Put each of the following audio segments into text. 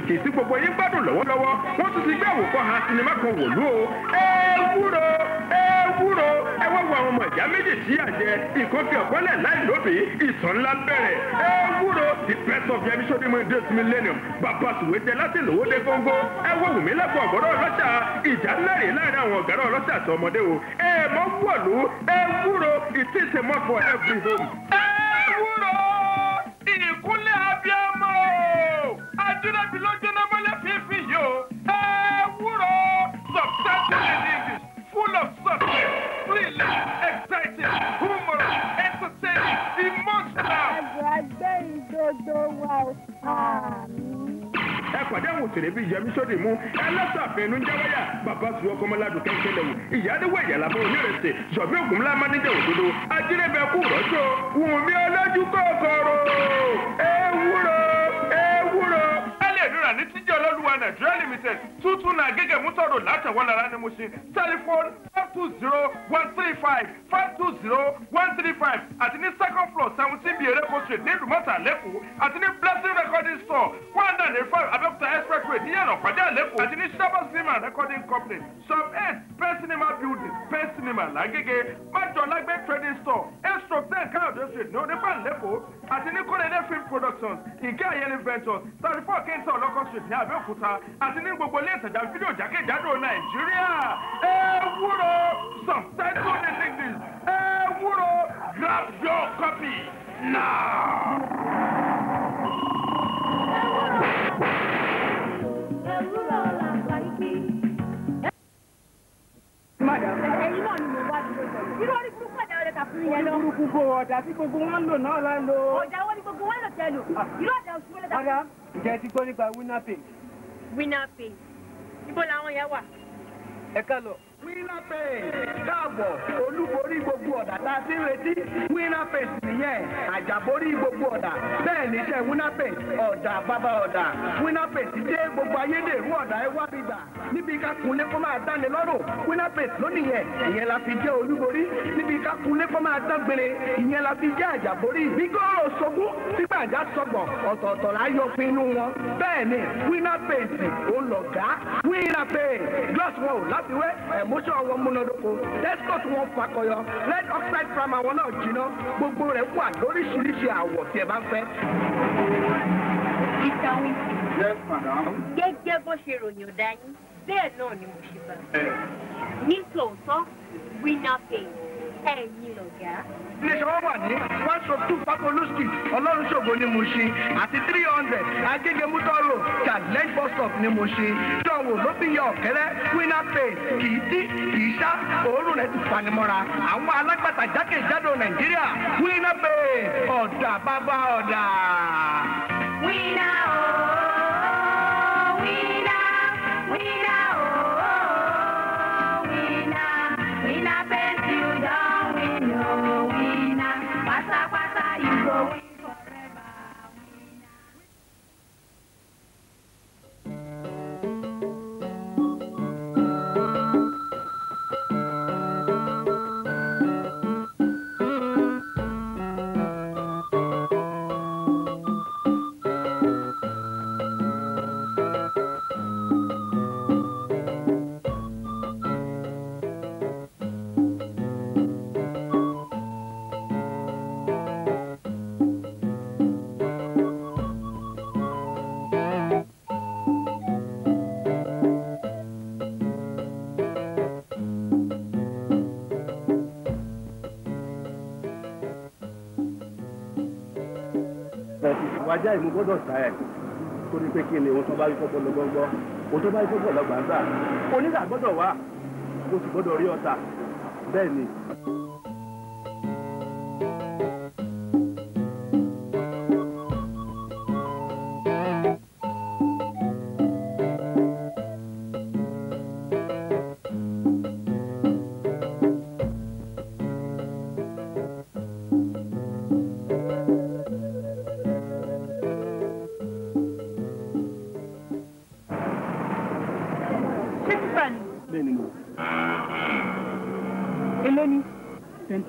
òkè tí gbogbo yín gbádùn lọ́wọ́lọ́wọ́ wọ́n tún ti gbé àwòkọ́ ha sinimá kan wòlú o. ẹ wúro ẹ wúro ẹ wá wo àwọn ọmọ ìyá méjì tí yà jẹ nǹkan fi ọ̀pọ̀lẹ̀ láì lóbi ìtàn ńlá bẹ̀rẹ̀. ẹ wúro the best of yẹmi sọdímọ̀ this millennium bàbá sùwé jẹ láti lówó dé góńgó. ẹ wọ wùmí lẹ́kọ̀ọ́ ọ̀gọ́dọ̀ ọlọ́ṣà ìjà mẹ́rin láàrin àwọn ọ̀gárá ọlọ́ṣà àti ọmọdé o. ẹ mọ wọ̀lú ẹ wúro it is a must for every home. ẹ wúro ìkúnlẹ̀ abiyamọ jóná bí ló jóná mọ́lẹ̀ fífi yìí o ẹ wúrọ̀ substantial in english full of substance thrilling exciting humorous entertaining emotional. àgbàgbé ìdodo wa ò pa mí. ẹ pàdé àwọn òṣèré bíi yẹmi sọdẹ mú ẹlẹsàfẹnu jáwáyà bàbá sùn ọkọ ọmọládùn kẹńkẹlẹ wò ìyáléwò ìyàlá fún onírèsè sọfí ògúnmọlá máníjà òdodo ajínrẹbẹ kú rọṣọ wùmí ọlọjú kọkọrọ ewúro ìrírà ní tíjẹ́ olólùwà nàìjíríà limited tuntun náà gẹ́gẹ́ mútọ́rọ̀ látẹ̀wọ́lára ní Mùṣín tẹlifóònù five two zero one three five five two zero one three five àti ní second floor seventeen bíi ereko street ní ìdùmọ̀tà lẹ́kọ̀ọ́ àti ní blessing recording store one hundred and five abẹ́òkúta expressway ní yànnà pàdé àlẹ́kọ̀ọ́ àti ní shabas cinema recording company Sub N. pen cinema building pen cinema làgẹ́gẹ́ májọ̀lágbé trading store eight stroke ten káyọ̀dé street ní onípàlẹ́kọ̀ọ́ àti ní kọ́lẹ́dẹ́ film productions ìkẹ́ àyẹ̀lẹ̀ ventures thirty four kings lọ́dọ̀ ọlọ́kọ̀ ṣèṣin Abẹ́òkúta àti ní gbogbo ilé ìtajà fídíò jákèjádò Nàìjíríà ẹ wúro subtitle detectives ẹ wúro grab your copy now. Madam, ẹ̀yin náà ni mo wá dúró sọ̀rọ̀ burúkú yẹn lọ. burúkú bo ọ̀dà tí gbogbo wọn ń lò náà la ń winner paint káàbọ̀ olúborí gbogbo ọ̀dà tá a ti ń retí winner paint nìyẹn àjàborí gbogbo ọ̀dà bẹ́ẹ̀ ní iṣẹ́ winner paint ọ̀dà bàbá ọ̀dà winner paint dé gbogbo ayédèrú ọ̀dà ẹ wá bíbà níbi ká kunlé kó máa dáni lọ́rùn winner paint lónìí yẹn ìyẹn la fi jẹ́ olúborí níbi ká kunlé kó máa dán gbére ìyẹn la fi jẹ́ àjàborí bí gọ́ọ̀rọ̀ sọgbó nígbà àjà sọgbọ̀ ọ̀tọ̀ọ̀tọ̀ la yọ pinnu wọn bẹ́ẹ̀ ni winner paint òun lọ̀gá winner paint gloss wọn ò láfiwé ẹ̀mú kọ́ṣọ́ wọn múnádóko descot wọn fakọyọ red oxide primer wọn náà jiná gbogbo rẹ̀ wà lóríṣiríṣi àwọ̀ tí ẹ bá ń fẹ́. mr winfrey. yes madam. gẹ́gẹ́ bó ṣe ròyìn ọ̀dà yín bẹ́ẹ̀ náà ni mo ṣe bá. ní tòótọ́ winner pay ẹ̀yin lọ̀gá iléeṣẹ́ wọn wà ní one stroke eh? two papoluski ọlọ́run ṣògo ní Mushin àti three hundred agégemútọ́ road challenge bus stop ní Mushin jọ̀wọ́ ló fi yan ọ̀kẹ́rẹ́ winner pay kì í dí kì í ṣá òórùn rẹ̀ ti fanimọ́ra àwọn alágbàtà jákèjádò Nàìjíríà winner pay ọ̀dà bàbá ọ̀dà. winner ooo oh, winner winner ooo. Oh. keep going. ajá ìmú gbọ́dọ̀ sá ẹ̀ torí pé kí ni òun tó bá rí fọ́pọ́ lọ́gbọ́ngbọ́ òun tó bá rí fọ́pọ́ lọ́gbàgbà onígbà gbọ́dọ̀ wà o sì gbọ́dọ̀ rí ọ̀tà bẹ́ẹ̀ ni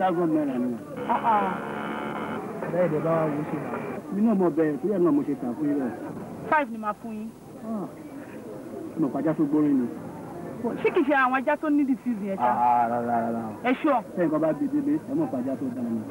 thousand naira ni. Ah, ah. bẹ́ẹ̀ dẹ̀ bá wa wo ṣe rà. mi náà mọ bẹ́ẹ̀ kúrẹ́ náà mo ṣe tà fún yín rẹ̀. five ni màá fún yín. ọmọ ah. pàjá tó gbórí ni. ṣé kìí ṣe àwọn ajá tó ní disease yẹn ṣá. ẹ ṣọ. ṣé nǹkan bá bi délé ẹ mọ̀ pàjá tó dáa ni.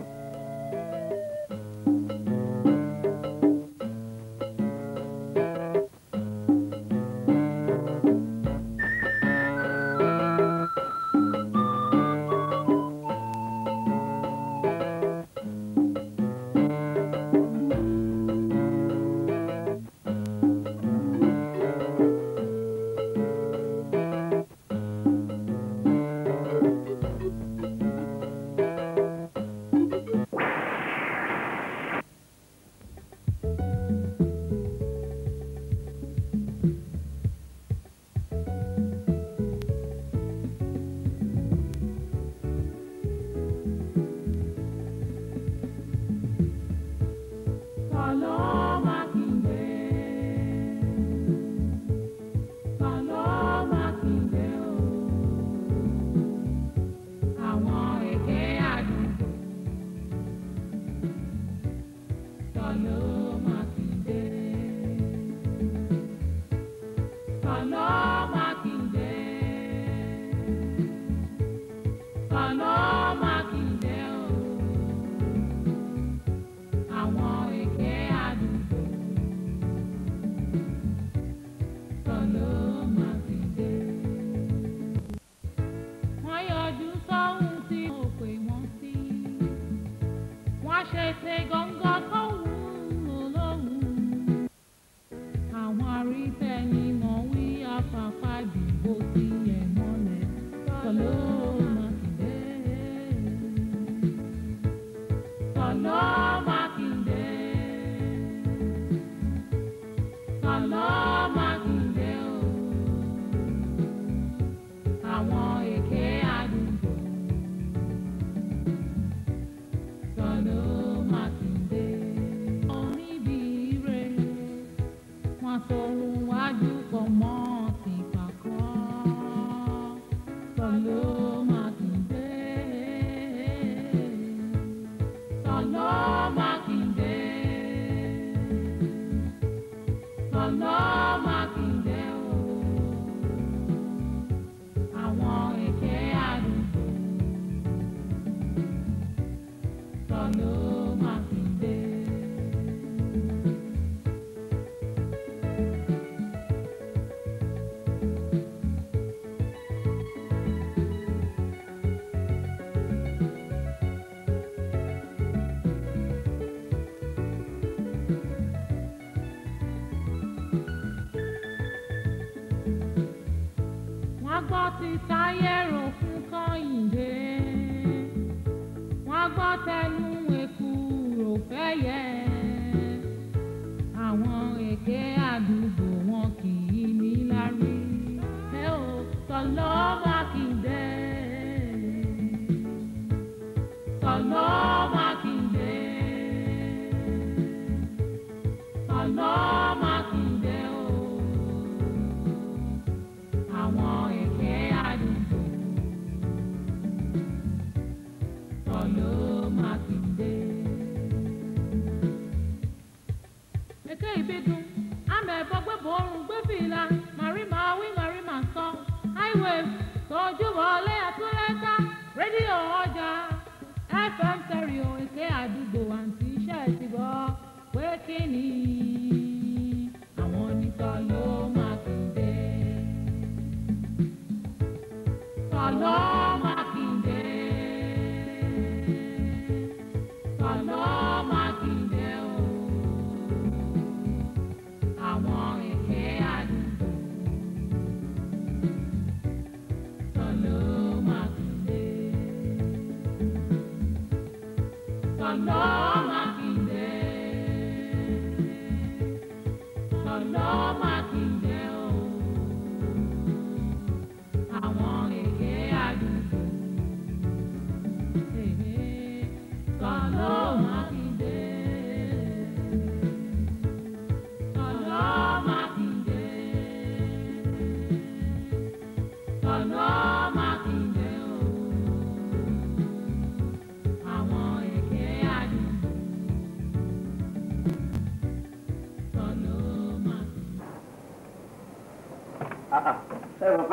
No.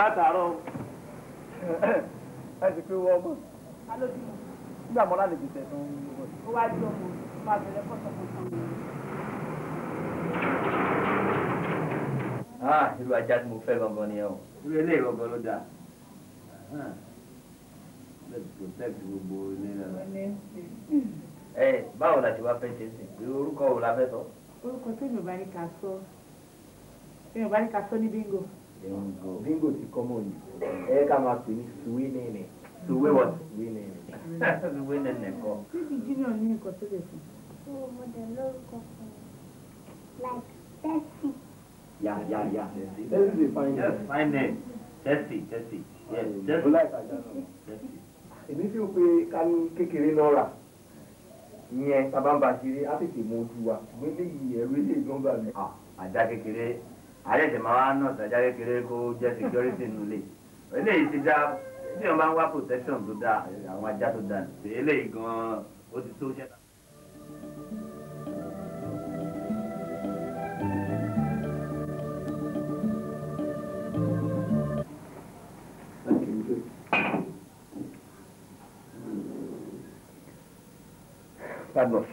àtàárọ̀. ẹ sì pé wọ́n mọ̀. nígbà mọ́lá lè jìtẹ̀ tó ń wọ̀. ó wá jọ mo máa bẹ̀rẹ̀ pọ̀tọ̀pọ̀tọ̀ mi. Ah, irú ajá tí mo fẹ́ gangan ni ẹ o irú eléyìí gangan ló dáa ah, let's protect gbogbo ilé náà. ẹ eh, báwo la ti wá fẹ́ ṣe sí irú orúkọ wo la fẹ́ sọ. orúkọ tí mi ò bá ní ká sọ mi ò bá ní ká sọ ní bíngò bingo bingo ti kọ́mọ̀ ni ẹ ká máa pè ní suwe nẹ́ẹ̀nẹ́. suwe wọ. suwe nẹ́ẹ̀nẹ́. suwe nẹ́ẹ̀nẹ́ kọ. bíbí junior ní nǹkan tó lè fún. o mo dẹ̀ lórúkọ fún like Tessie. ya ya ya Tessie Tessie fine name. yes fine name Tessie Tessie yes Tessie. bọ́lá ìtajà náà Tessie. èmi fi pe ká ní kékeré náà rà ìyẹn sábà ń ba ṣeré á tètè mọ ojú wa gbélé yìí ẹrú ilé ìgbọ́n mi. àdá ah, kékeré àrẹ́sẹ̀ máa wá náà tàjà kékeré kó jẹ́ security nulẹ̀ eléyìí ti dá bí wọ́n bá ń wá protection tó dá àwọn ajá tó dá nìyí eléyìí gan ó ti tó ṣẹ́ta. Pardon.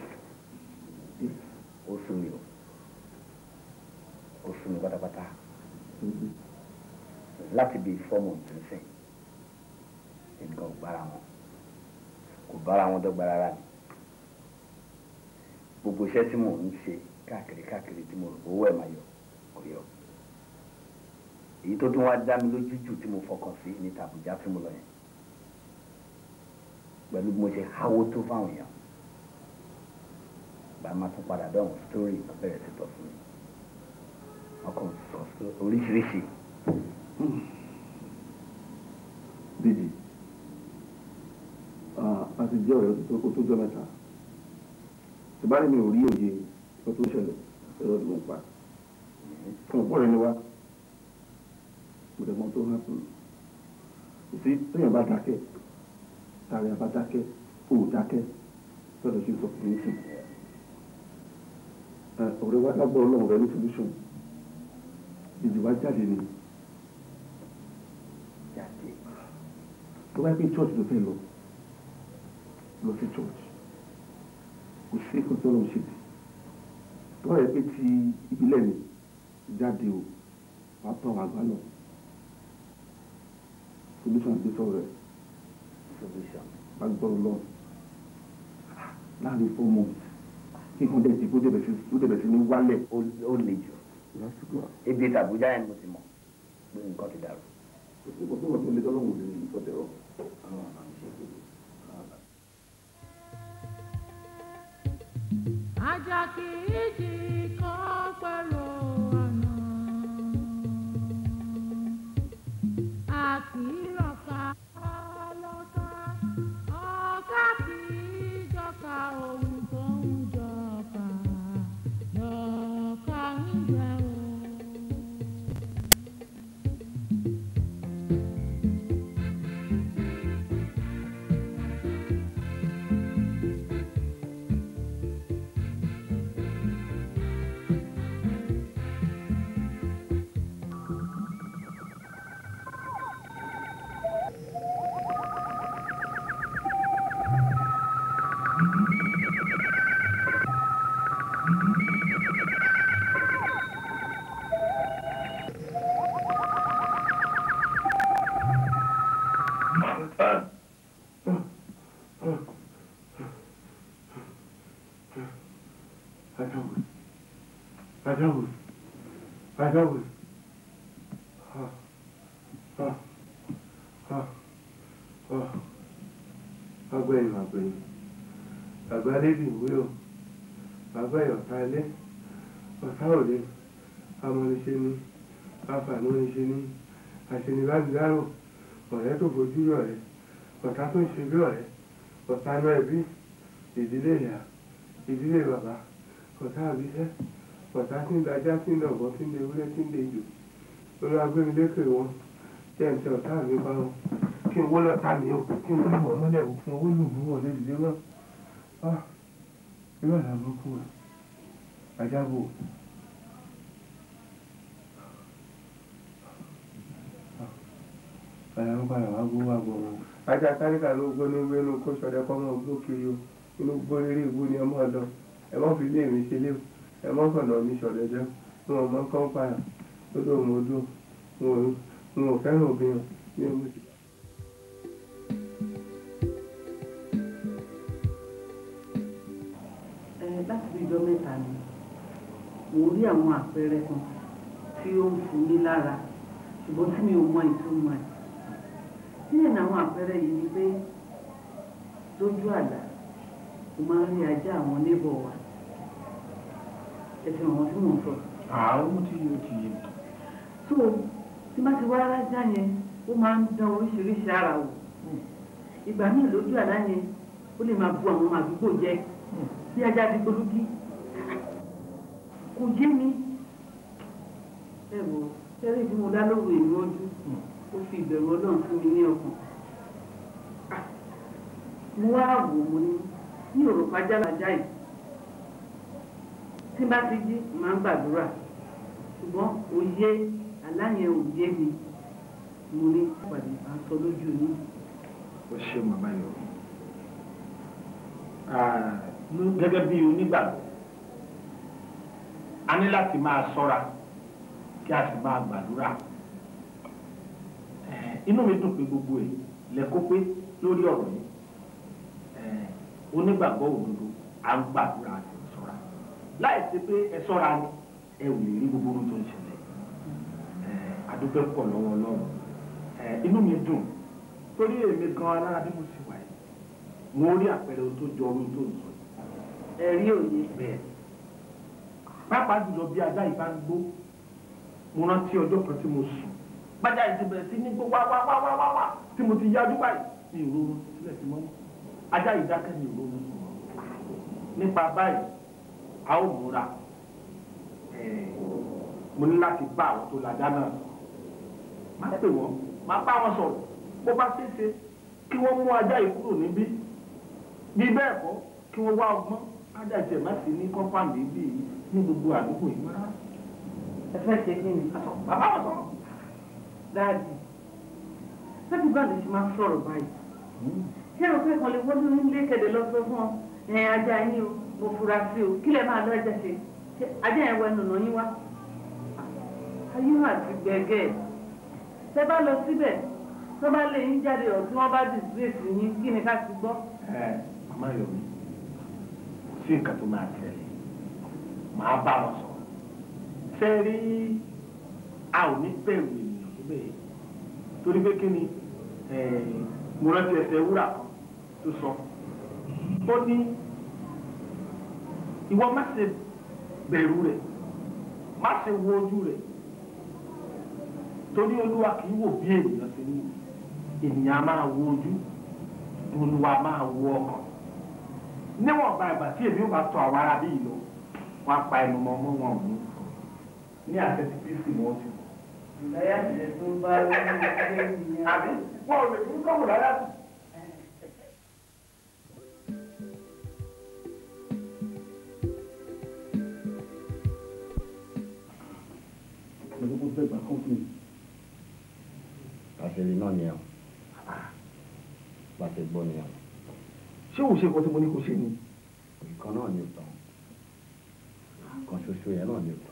bára wọn dọ́gba rárá ni gbogbo iṣẹ́ tí mò ń ṣe káàkiri káàkiri tí mo rò owó ẹ̀ máa yọ kò yọ èyí tó tún wá dá mi lójú jù tí mo fọkàn sí ní tàbújá tí mo lọ yẹn pẹ̀lú bí mo ṣe háwó tó fáwọn èèyàn bá máa tún padà bẹ́ẹ̀ wọ́n sítórì náà bẹ̀rẹ̀ sí tọ́ fún mi wọ́n sọ oríṣiríṣi. bíjì a ti jẹ́ ọ̀rẹ́ o tó jọ mẹ́ta tìbárí mi ò rí òye o tó ṣẹlẹ̀ ẹ̀rọ ìwọ̀n pa fún ọ̀pọ̀ rẹ̀ ni wá kò dẹ̀ mọ́ tó hàn fún mi sí téèyàn bá dákẹ́ tààrẹ bá dákẹ́ kò dákẹ́ sọ́dọ̀ sí sọ fún mi ọ̀rẹ́ wa lágbọ́ ọlọ́run rẹ ní solution ìjì wa jáde ni tó bá yẹ pé church ló fẹ́ lọ lọ sí kò sí èkó tó lọ ṣe tì tó wà pé ti ìbílẹ̀ ni jáde o wàá tọ̀ wà gbá lọ solution àti sọ̀rọ̀ ẹ̀ solution bá gbọ́rọ̀ lọ láàrin four months kíkan dẹ̀ ti kó débẹ̀ sí ní wálẹ̀ ó le jù ebi tàbújá yẹn mo ti mọ̀ pé nǹkan ti dàrú. kò sí kò sí kò sí ilé tọ́lọ́mù ní ìfọ̀tẹ̀rọ̀ àwọn àmàlà ṣe é. ajá kì í jì kan pẹ̀lú àná. àkìrẹ́. ọ̀tá tó ń ṣe bí ọ̀rẹ́ ọ̀tá inú ẹbí ìdílé ìyá ìdílé bàbá ọ̀tá àbíṣẹ́ ọ̀tá tí ń dajá tí ń dọ̀gbọ́n tí ń de ewúrẹ́ tí ń de ìjò olùwàgbẹ́mi lékè wọn jẹ́ ǹtẹ̀ ọ̀tá mi bá wọn kí n wó lọ́ta mi o kí n wó lù wọ́n mọ́lẹ̀ òkun owó lù wọ́n wọlé ìdílé wọn. ìrọ̀lẹ́ àbúkù ajábọ̀ òkun. padà ń padà wá gbó ló kó sọdẹ kọ́ mọ́ gbó kiri o inú gbóríri ìbú ni ẹ mọ́ ẹ mọ́ fi mi ṣe lé ẹ mọ́ fọ̀nà mi sọ̀dẹ̀ jẹ́ n ò mọ kán padà ó mọ́ dò n ò fẹ́ràn obìnrin ní omi. láti bí ijọ́ mẹ́ta ni mo rí àwọn àpẹẹrẹ kan tí ó ń fún mi lára ṣùgbọ́n tí mi ò mọ ìtumọ̀ ẹ̀ díẹ̀ náwọn àpẹẹrẹ yìí ni pé lójú àlá mo máa ń rí ajá àwọn níbọ̀ wa ẹ̀sìn àwọn tí mò ń sọ. àwọn tí yóò ti yé. tó tí má ti wá rájá yẹn ó máa ń dán oríṣiríṣi ara wò ìgbà míì lójú àlá yẹn ó lè máa bu àwọn àdúgbò jẹ bí ajá ti gbólúgí kò yé mi ẹ wò ẹ rí bí mo dá lóru ìrìn ojú ó fi ìbẹ̀rù ọlọ́run fún mi ní ọkàn ah, mo wá wò mo ní ní òrùka jálájà yìí tí bá ti jí màá ń gbàdúrà ṣùgbọ́n òye aláyẹn òye mi mo ní pàdé à ń sọ lójú mi. ó ṣe màmá yọ gẹ́gẹ́ bí onígbàgbọ́ a ní láti máa ṣọ́ra kí a sì máa gbàdúrà inú mi dùn pé gbogbo ẹ̀ lẹ́kọ́ pé lórí ọ̀rọ̀ yìí onígbàgbọ́ òdodo à ń gbàdúrà àti ìṣọ́ra láì sí pé ẹ ṣọ́ra ni ẹ ò lè rí gbogbo ohun tó ń ṣẹlẹ̀ àdúgbò pọ̀ lọ́wọ́ ọlọ́run inú mi dùn torí èmi gan alára bí mo sì wà yìí mo rí àpẹẹrẹ ohun tó jọ ohun tó ń sọ ẹ rí òye bẹ́ẹ̀ pàápàá jùlọ bí ajá ìbá ń gbó mo rántí ọjọ́ kan tí mo sùn bájà yìí ti bẹ̀rẹ̀ sí ní gbó wá wá wá wá wá wá tí mo ti yájú báyìí mi ò ronú sílẹ̀ sí mọ́ ajá yìí dákẹ́ mi ò ronú nípa báyìí a ó múra mo ní láti bá àwọn tó lajá náà má pè wọ́n má bá wọn sọ̀rọ̀ bó bá ṣeéṣe kí wọ́n mú ajá yìí kúrò níbí bí bẹ́ẹ̀ kọ́ kí wọ́n wá ọgbọ́n ajá ìjẹ̀ má sí ní kọ́ńpáǹdì bíi ní gbogbo àdúgbò yìí rárá. ẹ fẹ́ ṣe kí ni. bàbá wọn sọ̀rọ̀ dáàdì láti bá lè ṣe máa sọ̀rọ̀ báyìí hmm? ṣé o fẹ́ kan lè wọ́n ní ilé kẹ̀dẹ̀ lọ sọ fún ọ ẹ̀yìn ajá yín o mo fura sí o kílẹ̀ máa lọ ẹ̀jẹ̀ ṣe ajá yẹn wẹ nùnà yín wá ayé hàn ti gbẹ̀gẹ̀ tẹ bá lọ síbẹ̀ tó bá lè yín jáde ọ̀ tí wọ́n bá dìsírèsì yín kí ni ká ti gbọ́. màmá yomi sí nǹkan tó máa tẹ̀lé màá bá wọn sọ fẹ́ rí a ò ní bẹ̀rù bẹ́ẹ̀ torí pé kí ni mo rántí ẹsẹ̀ wúrà tó sọ ó ní ìwọ má ṣe bẹ̀rù rẹ̀ má ṣe wo ojú rẹ̀ torí olúwa kì í wò bí ènìyàn ṣe ní ènìyàn máa wo ojú olúwa máa wo ọkàn níwọ̀n ba ìgbà tí èmi ò bá tọ àwọn ará bí lọ wọn á ẹnu mọ́ mọ́ wọn ò ní ní àṣẹ kristi wọn ti kú ìlàyà tẹ̀ tó bá lórí ilé ìyẹn. àbí wọn ò lè fi kọ́mù láyà tù. àṣírí náà ni ọ bá ṣe gbọ́ ni ọ. ṣé òun ṣe nǹkan tí mo ní kó ṣe ni. nǹkan náà ni ìtàn kan ṣoṣo yẹn náà ni ìtàn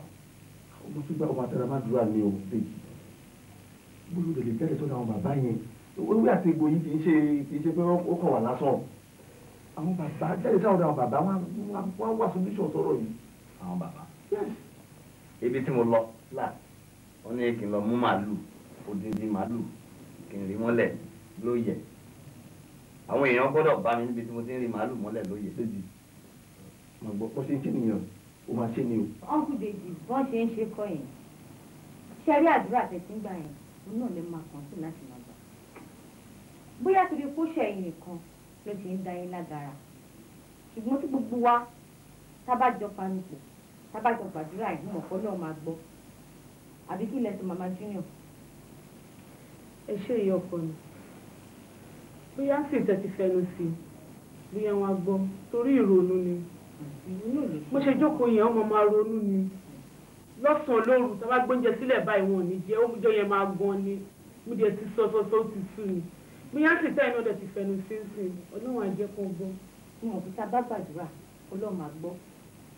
mo tún gbà wọn àtàrà má dúró àmì òun stage gbogbo ìdèlè tẹ́lẹ̀ tó dáwọn bàbá yẹn ewé àti egbò yìí kì í ṣe kì í ṣe pé ó kàn wà lásán àwọn bàbá tẹ́lẹ̀ táwọn dáwọn bàbá wọn wá solution sọ̀rọ̀ yìí. àwọn bàbá ibi tí mo lọ là ó ní kí n lọ mú màálù odindi màálù kí n rí mọ́lẹ̀ lóye àwọn èèyàn gbọ́dọ̀ bá mi níbi tí mo ti ń rí màálù mọ́lẹ̀ lóye. mo gbọ́ pọ́sí kí nìyẹn ó máa ṣe ni o. ọ̀nkú dèjì wọ́n ṣe ń ṣe kọ́ yẹn ṣẹ́rí àdúrà tẹ̀sí ń gbà yẹn òun náà lè máa kàn sí láti máa gbà. bóyá torí kó ṣe ẹ̀yìn nìkan ló ṣe ń da lágara ṣùgbọ́n tí gbogbo wa tábàjọ panupọ̀ tábàjọ gbàdúrà yìí mọ̀kọ́ náà máa gbọ́ àbí kí ilẹ̀ tó junior. ẹ ṣe ìyá ọkọ ni bóyá sì tẹ ti fẹnu sí i bóyá wọn á gbọ́ torí ìrònú ni mo ṣe jókòó yẹn ọmọ máa ronú ni lọ́sàn-án lóru tá a bá gbóúnjẹ sílẹ̀ báyìí wọn ò ní jẹ́ oúnjẹ yẹn máa gan ni mo dẹ̀ ti sọ sọ sọ ti sú ni bí yá sì táyì náà dẹ̀ ti fẹnu sínsìn ọlọ́run àjẹ́ kan gbọ́. mo mọ̀ pé tá a bá gbàdúrà ọlọ́run á gbọ́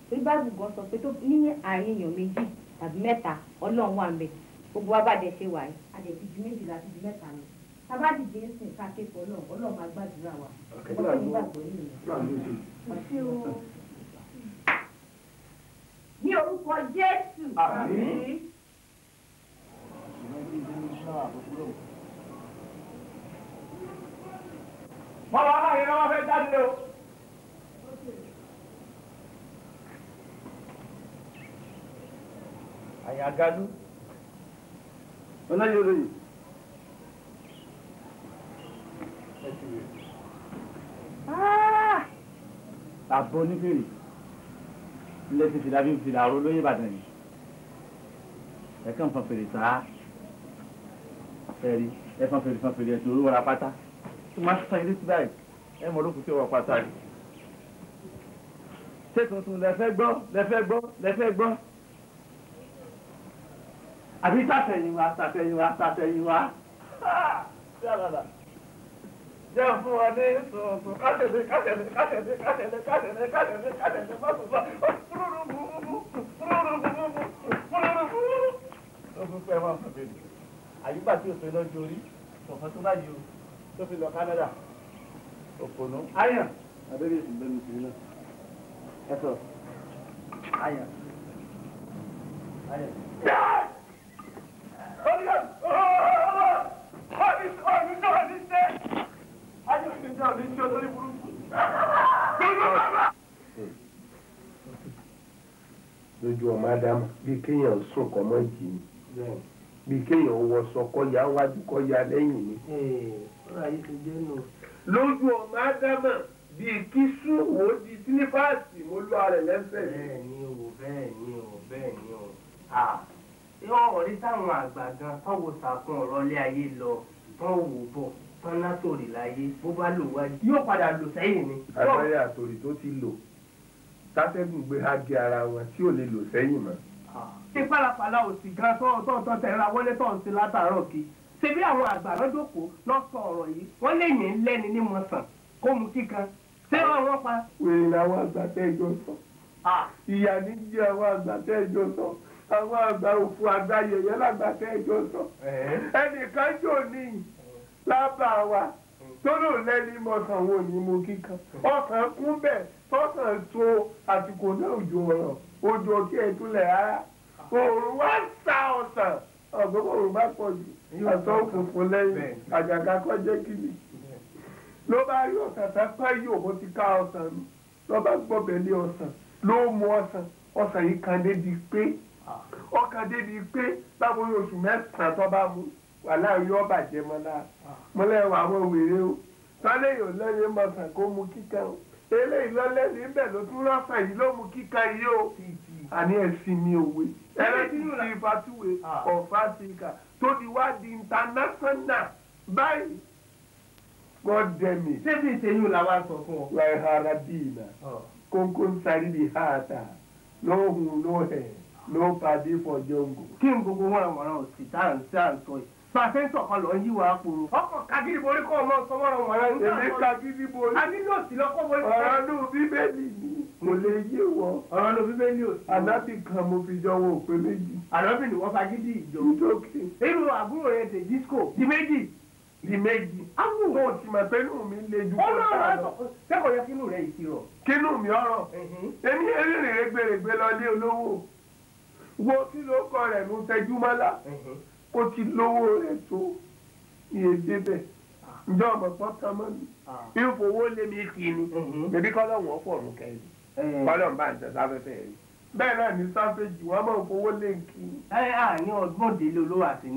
pé báàbù gan sọ pé tó ní àárín èèyàn méjì tàbí mẹ́ta ọlọ́run wà mẹ́ gbogbo wa bá dẹ̀ ṣe wà yìí a dẹ̀ ti ju méjìlá ti ju tá a bá dìde ń sìn ká kéèkó ọlọ́run ní orúkọ Jésù. Àmín. wọ́n wá báyìí náà wọ́n fẹ́ jáde o. àyàgádú. ọlọ́yẹ̀ olóyè. àbọ̀ onífèrè. ilé ti fìlà fi fìlà ro lóyè ìbàdàn yìí ẹ kàn fọn fèrè sáá ẹrí ẹ fọn fèrè fọn fèrè ẹsùn olúwara pátá tí wọn á sọ ilé ti báyìí ẹ mọ olókùn tí wọn pátá rí ṣé tuntun lẹfẹ gbọ́ lẹfẹ gbọ́ lẹfẹ gbọ́ àbí tàtẹ̀yìn wa tàtẹ̀yìn wa tàtẹ̀yìn wa jẹ́ fún wa ní sọ̀tún kátẹ̀lé kátẹ̀lé kátẹ̀lé kátẹ̀lé kátẹ̀lé kátẹ̀lé kátẹ̀lé mọ́tòlá àyíká tí òṣèré lọ́jọ́ orí kọ̀ọ̀kan tó báyìí o tó fi lọ Canada òpònú. ayan abẹ́rẹ́ èsì mi sí náà ẹ sọ ayan ayan. jẹ́ òní tí olórí burúkú. lójú ọmọ ádámù bí kéèyàn sùn kọ́ mọ́ jì ní bí kéèyàn wọṣọ kọ́ ya wájú kọ́ ya lẹ́yìn ni. lójú ọmọ ádámù bí kí sùnwó di sílífàsì mo lọ rẹ̀ lẹ́sẹ̀. bẹ́ẹ̀ ni o bẹ́ẹ̀ ni o bẹ́ẹ̀ ni o ṣé ọ̀rọ̀ táwọn àgbà gan tọ́wọ́ sàkún ọ̀rọ̀ ilé ayé lọ tọ́wọ́ bọ̀ tọ́lá tòrì láyé bó bá lò wájú yóò padà lò sẹ́yìn ni. abẹ́rẹ́ àtòrì tó ti lò tásẹ́gùn gbé ha di ara wọn tí ò lè lò sẹ́yìn mọ́. ṣé pálapàla ò sì gan tọ́ọ̀tọ́ tẹ̀ra wọlé tọ̀ ń ti látàárọ̀ kí ṣebí àwọn àgbàrá jókòó lọ́sọ̀ ọ̀rọ̀ yìí wọ́n lè yìn lẹ́ni ní mọ̀sán kó mu kíkan ṣé wọ́n ah. wọ́n pa. wèrè làwọn àgbà tẹ́ ìjọ sọ ìyá ní jẹ́ àwọn àgbà tẹ́ ìjọ sọ àwọn àgbà òfu àgbà yẹ̀yẹ́ làgbà tẹ́ sọ ẹnìkan jò níyì lábà wa tọ́lọ̀ lẹ́ni mọ̀sán wo ni mo kíkan ọkàn kún bẹ́ẹ̀ tọ́sán tó àsìkò náà òjò ọ̀rọ̀ òjò kí ẹ túlẹ̀ rárá òòrùn wá sa ọ̀sán ọ̀gbọ́n òòrùn bá pọ̀ jù àtọ́ òkùnkùn lẹ́yìn àjàgà kọjẹ́ kìlì ló bá rí ọ̀sán sápá yìí òun ti ká ọ̀sán mi ló bá gbọ́bẹ̀ lé ọ̀sán ló mú ọ̀sán ọ̀sán yìí kan débi pé ọkàn débi pé báwo ni oṣù mẹ́sàn-án tó bá mú un wàhálà yóò bàjẹ́ mọ́lá mọ́lẹ́ wà wọ́n wèrè o tọ́lẹ̀ yóò lẹ́yìn mọ̀sán kó mu kíkan o eléyìí lọ́lẹ́ níbẹ̀ ló tún rọ́ọ̀sán yìí ló mu kíkan yìí o àní ẹ̀sìn ni òwe ẹlẹ́tí ti fatiwe ah. ọ̀fà ti kà tó di wá di international báyìí god damn it. ṣé bí ìṣẹ́yìn làwa sọ fún ọ. wàá hara dìínà ah. kónkó ń sáré di hàtà lóhùn lóhẹ̀ ló pàdé fọjọ́ ngò. kí n gbogbo wọn àwọn ọ̀sìn tá à ń sọ yìí pàṣẹsọ kan lọ yí wa kúrò. ọkọ kagidi borí kọ ọmọ sọmọrọ wọn. èmi kagidi borí. a nílò sílọkọ borí. ọ̀rọ̀ ló bíbélì ni mo lè yé wọ. ọ̀rọ̀ ló bíbélì ò sí. aláti kan mo fi jọ wọn òpè méjì. àlọ́bì ni wọ́n fagidi ìjọ. ìjókè. irú àbúrò rẹ̀ dé disco. di méjì. di méjì. áwù. tó o ti mọ̀ pé inú mi le ju kọ́ta lọ. sẹ́kọ̀ọ́ yẹ kínú rẹ̀ ìkirọ̀. kínú mi ọ̀rọ̀. èmi eré rẹ̀ gbèrègbè lọ lé olówó. wo kí ló kọ rẹ̀ nù tẹjúmọ́lá. ó ti lówó rẹ̀ tó ní èdè ah. ǹjẹ́ ọmọ pọ́n mọ́ mi ìfowó ah. lé mi kì í ni mm-hmm. bèbí kọ́ lọ́wọ́ fọ̀rùn kẹ́yìn eh. kọ́ lọ́n bá ń tẹ sáfẹ́fẹ́ bẹ́ẹ̀ náà ní sáfẹ́jì wọ́n máa fowó lé eh, ah, ẹ olówó àti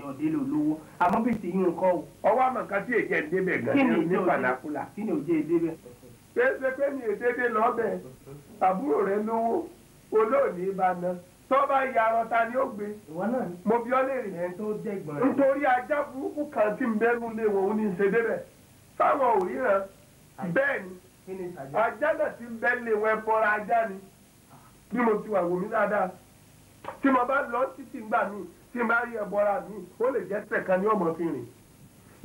o. ọwọ́ àmọ̀ kan tí ń débẹ̀ gan ní kí ni ṣe pé tó bá yarọ ta ni ó gbé mo bí ọ léèrè nítorí ajá burúkú kan tí ń bẹ́nu lé wọn ò ní ṣe débẹ̀ táwọn ò ríran bẹ́ẹ̀ ni ajá náà ti ń bẹ́ẹ̀ lé wọn ẹ̀fọ́ra ajá ni bí mo ti wà wò mí dáadáa tí mo bá lọ títí gbà mí tí mo bá rí ẹ̀bọra mi ó lè jẹ́ sẹ̀kan ní ọmọ fi rìn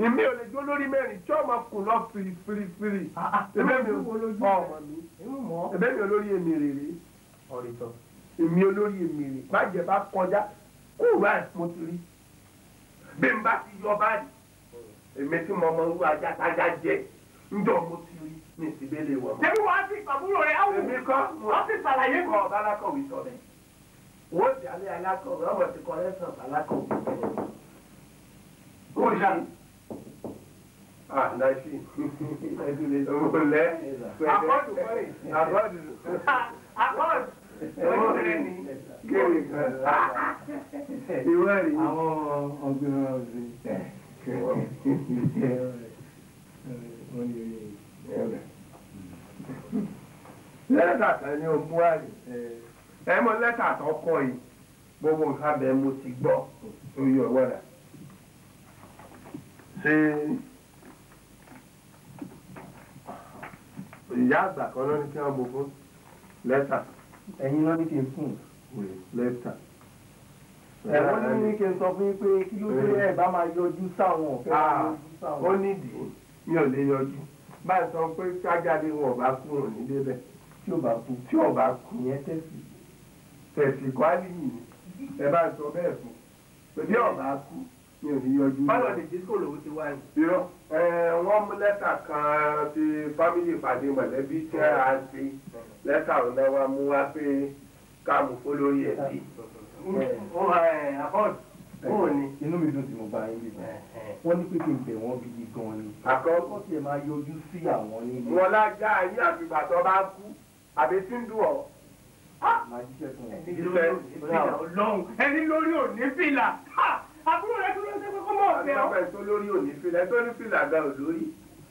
ìmí ò lè jó lórí mẹ́rin tí ah, ah, ọmọ kù lọ firifiri ẹ̀bẹ̀ mi ò lórí èmi rèé èmi olórí èmi rè bàjẹ́ bá kọjá kúrò báyìí mo ti rí bí n bá ti yọ báyìí èmi tí mo mọ irú ajá tájá jẹ njọ mo ti rí ní ìsìbélé wọn. ṣé wọ́n á ti pàbúrò rẹ̀ áwù èmi kọ́ wọ́n ti ṣàlàyé kọ́ ọba alákọ̀wé sọ bẹ́ẹ̀. wọ́n ti alẹ́ alákọ̀wé ọmọ ti kọ́ lẹ́sàn alákọ̀wé bẹ́ẹ̀. wọ́n ṣá ah nasi mo lẹ akọọdù kọrin akọọdù akọọdù. Gẹ́gẹ́ kan. o rí. Àwọn ọ̀gbìn ọ̀gbìn. Lẹ́tà kan ní Omuwari. Ẹ mọ lẹ́tà tó kọ yìí. Gbogbo nǹkan bẹ̀ mo ti gbọ́. Oyè ọ̀wọ́dà. Ṣé ìyá àgbà kan ló ní kí wọ́n bò fún lẹ́tà? ẹ̀yin náà ní kí n fún lẹ́tà. ẹ̀wọ́n ní ní kí n sọ fún yín pé kí ló dé ẹ̀ bá máa yọjú sáwọn ọ̀fẹ́ ah, ó nídìí mi ò lè yọjú bá sọ pé kájáde wọn ò bá kú wọn nílé bẹ́ẹ̀ tí ò bá kú tí ò bá kú yẹn tẹ̀sí tẹ̀sí kwali yìí ẹ bá sọ bẹ́ẹ̀ fún pé bí ò kú mi ò ní yọjú. báwo ni disco lòun ti wá yìí. irọ́ wọ́n mú lẹ́tà kan ti fámìlì ìpàdé mọ̀lẹ́bí tí a ṣe lẹ́tà ọ̀nà wa mú wá pé káàmù fólórí ẹ̀ sí. àbọ̀dù bóò ni. inú mi dùn tí mo bá yín bí wọ́n ní pé kí n bẹ̀ wọ́n gidi gan ni. àkọ́kọ́ tiẹ̀ máa yọjú sí àwọn nílé. wọn lájà yín àfìgbà tó bá kú àbí tí ń dùn ọ́ ẹni lórí òní fìlà àbúrò rẹ tó ló ń sẹ́kọ̀ọ́ mọ̀ ọ̀rẹ́ ọ. bàbá tó lórí òní fìlà tó ní fìlà gan ò lórí.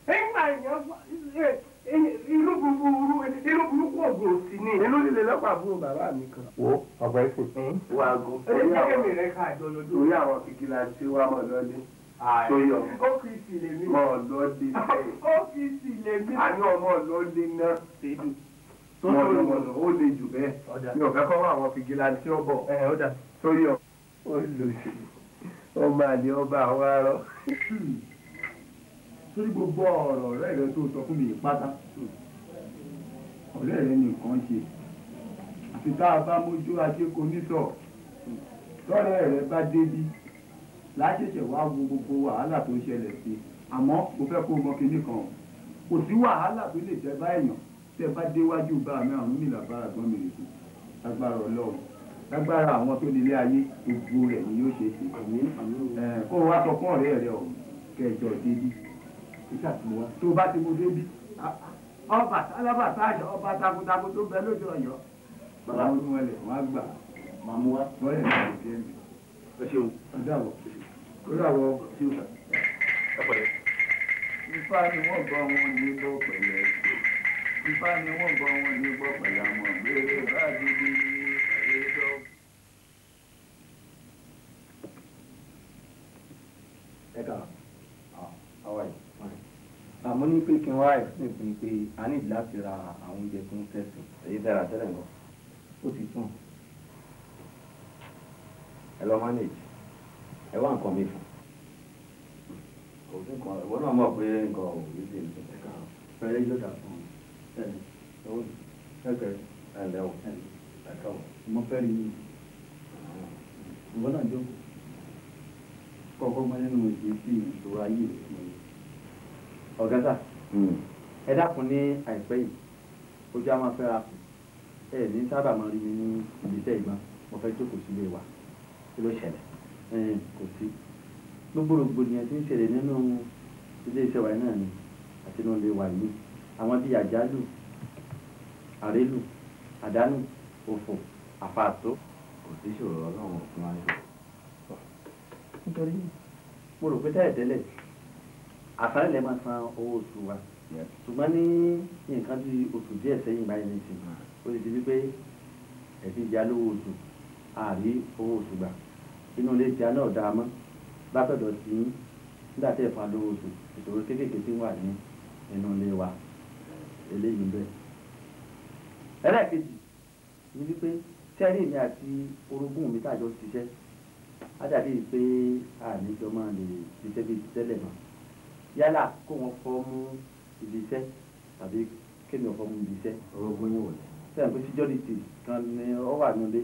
nígbà èèyàn inú burúkú ògùn òsì ni. inú líle lọ́pọ̀ àbúrò bàbá mi kan. wo ọ̀gbẹ́ ìsìn. wà á gun. orí àwọn orí àwọn kìkìlà tí wàá mọ̀ lọ́dẹ sọyọ ọfíìsì lèmi mọ lọdẹ ọfíìsì lèmi àní ọmọ lọdẹ náà ṣèdù mọlọmọlọ ó le jù bẹ́ẹ̀ mi ò fẹ́ kọ wá àwọn fìgìláńtì ọbọ sọyọ ó lòsì ọmọ àlè ọba àwọn arọ. torí gbogbo ọ̀rọ̀ ọ̀rẹ́ rẹ tó sọ fún mi pátá ọ̀rẹ́ rẹ nìkan ṣe àti tá a bá mójú ajéko nítọ̀ tọ́rẹ́ rẹ bá débi láṣẹ̀ṣẹ̀ wá wo gbogbo wàhálà tó ṣẹlẹ̀ sí i àmọ́ mo fẹ́ kó mọ kinní kan kò sí wàhálà tó lè jẹ́ bá èèyàn tẹ́ bá déwájú bá mi àrùn mi làbára gbọ́n mi lè kú lágbára ọlọ́run lágbára àwọn tó nílé ayé ojú rẹ̀ ni yóò ṣe ṣe kó wá sọ fún ọ̀rẹ́ rẹ ọ̀hún kẹjọ débi tó bá ti mo débi ọba alábàtà àjọ ọba takuntakun tó bẹ lójú Ọ̀yọ́ bàbá wọn ni wọn á gbà máa mú wá bọ́ọ̀lù ní ìlú mi. ẹ ṣeun ọdàwọ kódàwọ ṣeun ẹ pẹ̀lẹ́. ifá ni wọn bọ wọn ní bọ pẹ̀lẹ́ ifá ni wọn bọ wọn ní bọ pẹ̀lẹ́ àmọ́ béèrè bá a dúdú. àmọ́ ní pé kí n wá ẹ̀sìn fún un pé a ní láti ra àwọn oúnjẹ tó ń tẹ̀sìn. èyí fẹ́ ra tẹ́lẹ̀ lọ. ó ti tàn. ẹ lọ manage ẹ wá nǹkan mi fún kò sí nǹkan ìwọ náà mọ̀ pé nǹkan ò ní sí nǹkan ẹ̀ka pẹ̀lú yóò dà fún un ẹ̀kẹ́ ẹ̀lẹ́ o ẹ̀ka o mo fẹ́ rí i ìwọ náà jókòó kọ́kọ́ mọ́ nínú ìgbésí ìṣòro ayé rẹ̀ ọ̀gá sà ẹ dákun ní àìpẹ́ yìí ojú àwọn afẹ́ra ẹ ní sábà máa rí mi ní ibiṣẹ́ ìgbọ́n mo fẹ́ jókòó sílé wa kí ló ṣẹlẹ̀ kò sí gbogbo rògbòdìyàn tí ń ṣẹlẹ̀ nínú ilé iṣẹ́ wa náà ni àti inú ilé wa yìí àwọn bíi àjálù àrélù àdánù òfò àfààtó kò sí ìṣòro ọlọ́run òfin wa nítorí mo rò pé tẹ́lẹ̀ tẹ́lẹ̀ àsálẹ̀ lẹ́ẹ̀ máa san owó oṣù wa ṣùgbọ́n ní nǹkan bí oṣù díẹ̀ sẹ́yìn báyìí ní ìsìn ah. ó ti di wípé ẹ̀sìn ìjà lówó oṣù àrí owó oṣù gbà inú ilé ìjà náà dáa mọ́ látọ̀dọ̀ sí nígbà tí ẹ̀fọn lówó oṣù ìṣòro kéékèèké ti wà ní inú ilé wa eléyìí bẹ́ẹ̀. ẹlẹ́ẹ̀kejì ni wípé tẹ́rì mi àti orogún mi tàjọ ṣiṣẹ́ á pé àníjọ máa lè ṣiṣẹ́ bíi tẹ́lẹ̀ náà yálà kó wọn fọ́ mú ibi iṣẹ́ tàbí kémi ọ̀fọ́ mú ibi iṣẹ́. ọ̀rọ̀ ogun yìí wò lẹ́. sẹ́yìn pé security kan ni ọ wà nílé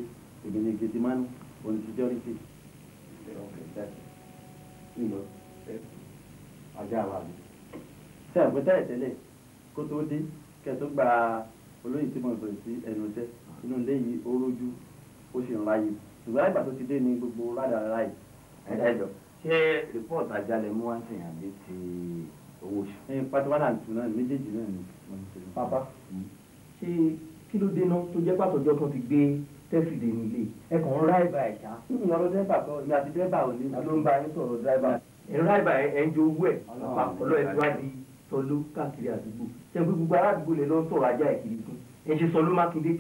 èmi ni gidi máa ń òní security. sẹ́yìn pé tẹ́lẹ̀ tẹ́lẹ̀ kó tó dé kẹ́ tó gba olóyè tí mo sọ sí ẹnu iṣẹ́ inú ilé yìí ó rójú ó sì ń ráyè ṣùgbọ́n àgbà tó ti dé ní gbogbo rádàrá yìí ẹ̀ẹ́dọ̀ ṣé rìpọ́ọ̀tì àjálẹ̀ mú wá ń sèyàn bí ti owó oṣù. ẹ pátápátá àti tùnú náà méjèèjì náà ni. pápá ṣé kí ló dé náà tó jẹ́ pàtọ́jọ́ kan ti gbé tẹ́sì dé nílé ẹ kàn ń ráìbà ẹ̀ ṣá. ń lọ dẹ́bà kan ní àti dẹ́bà ò ní ló ń bá yín sọ̀rọ̀ dẹ́bà. ẹ ráìbà ẹ ń jo owó ẹ ọlọ́ ẹ ti wá di sọlú káàkiri àdúgbò ṣe gbogbo aládùúgbò lè lọ sọ̀rọ̀ ajá ẹ̀ kiri fún ẹ ṣe sọlú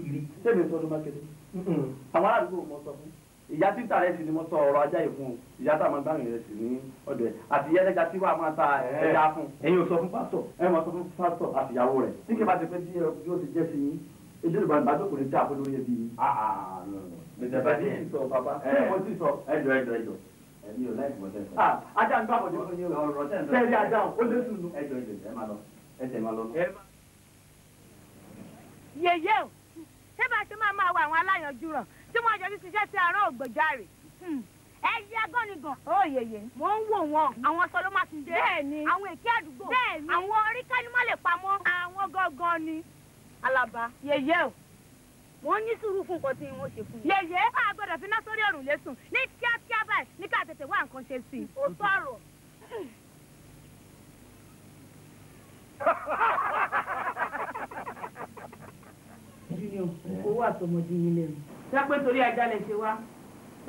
kiri. sẹ́mi sọlú àwọn aládùúgbò mọ sọ fún ìyá títà rẹ sì ni mo sọ ọ̀rọ̀ ajá yìí fún un ìyá tá máa gbàgbé rẹ sì ní ọ̀dọ̀ àti ìyá ẹlẹja tí wàá máa ta ẹja fún. ẹ̀yin ò sọ fún pásítọ̀ ẹ máa sọ fún pásítọ̀ àti ìyàwó rẹ tí kí n bá ti pẹ́ bí ó ti jẹ́ sí yín èdè ìbá ìbádọ́ kò ní tí a fọ́ lórí ẹbí. ìjọba ah, ah, eh, ah, o ṣé bá a ṣe máa máa wọ àwọn aláyanjú ràn tí wọ́n jọ ti ṣiṣẹ́ sí àárọ̀ ògbójàre hmm. ẹyẹ agọ́nigàn òyeyè mò ń wò wọn hmm. àwọn sọ ló má ti dé bẹ́ẹ̀ni àwọn èké àdúgbò bẹ́ẹ̀ni àwọn orí kánimọ́lẹ̀ pamọ́ àwọn gangan ni alaba yeye o mo ní sùúrù fún nǹkan tí wọn ṣe fún mi. yèyé a gbọ́dọ̀ fi náà sórí òrùn lẹsùn ní kíákíá báyìí ní ká tètè wá nǹkan ṣe sí i. ó sọ̀rọ̀. junior owó àtọmọdé yín lẹ́nu jẹ́pẹ́ torí ajá lè ṣe wá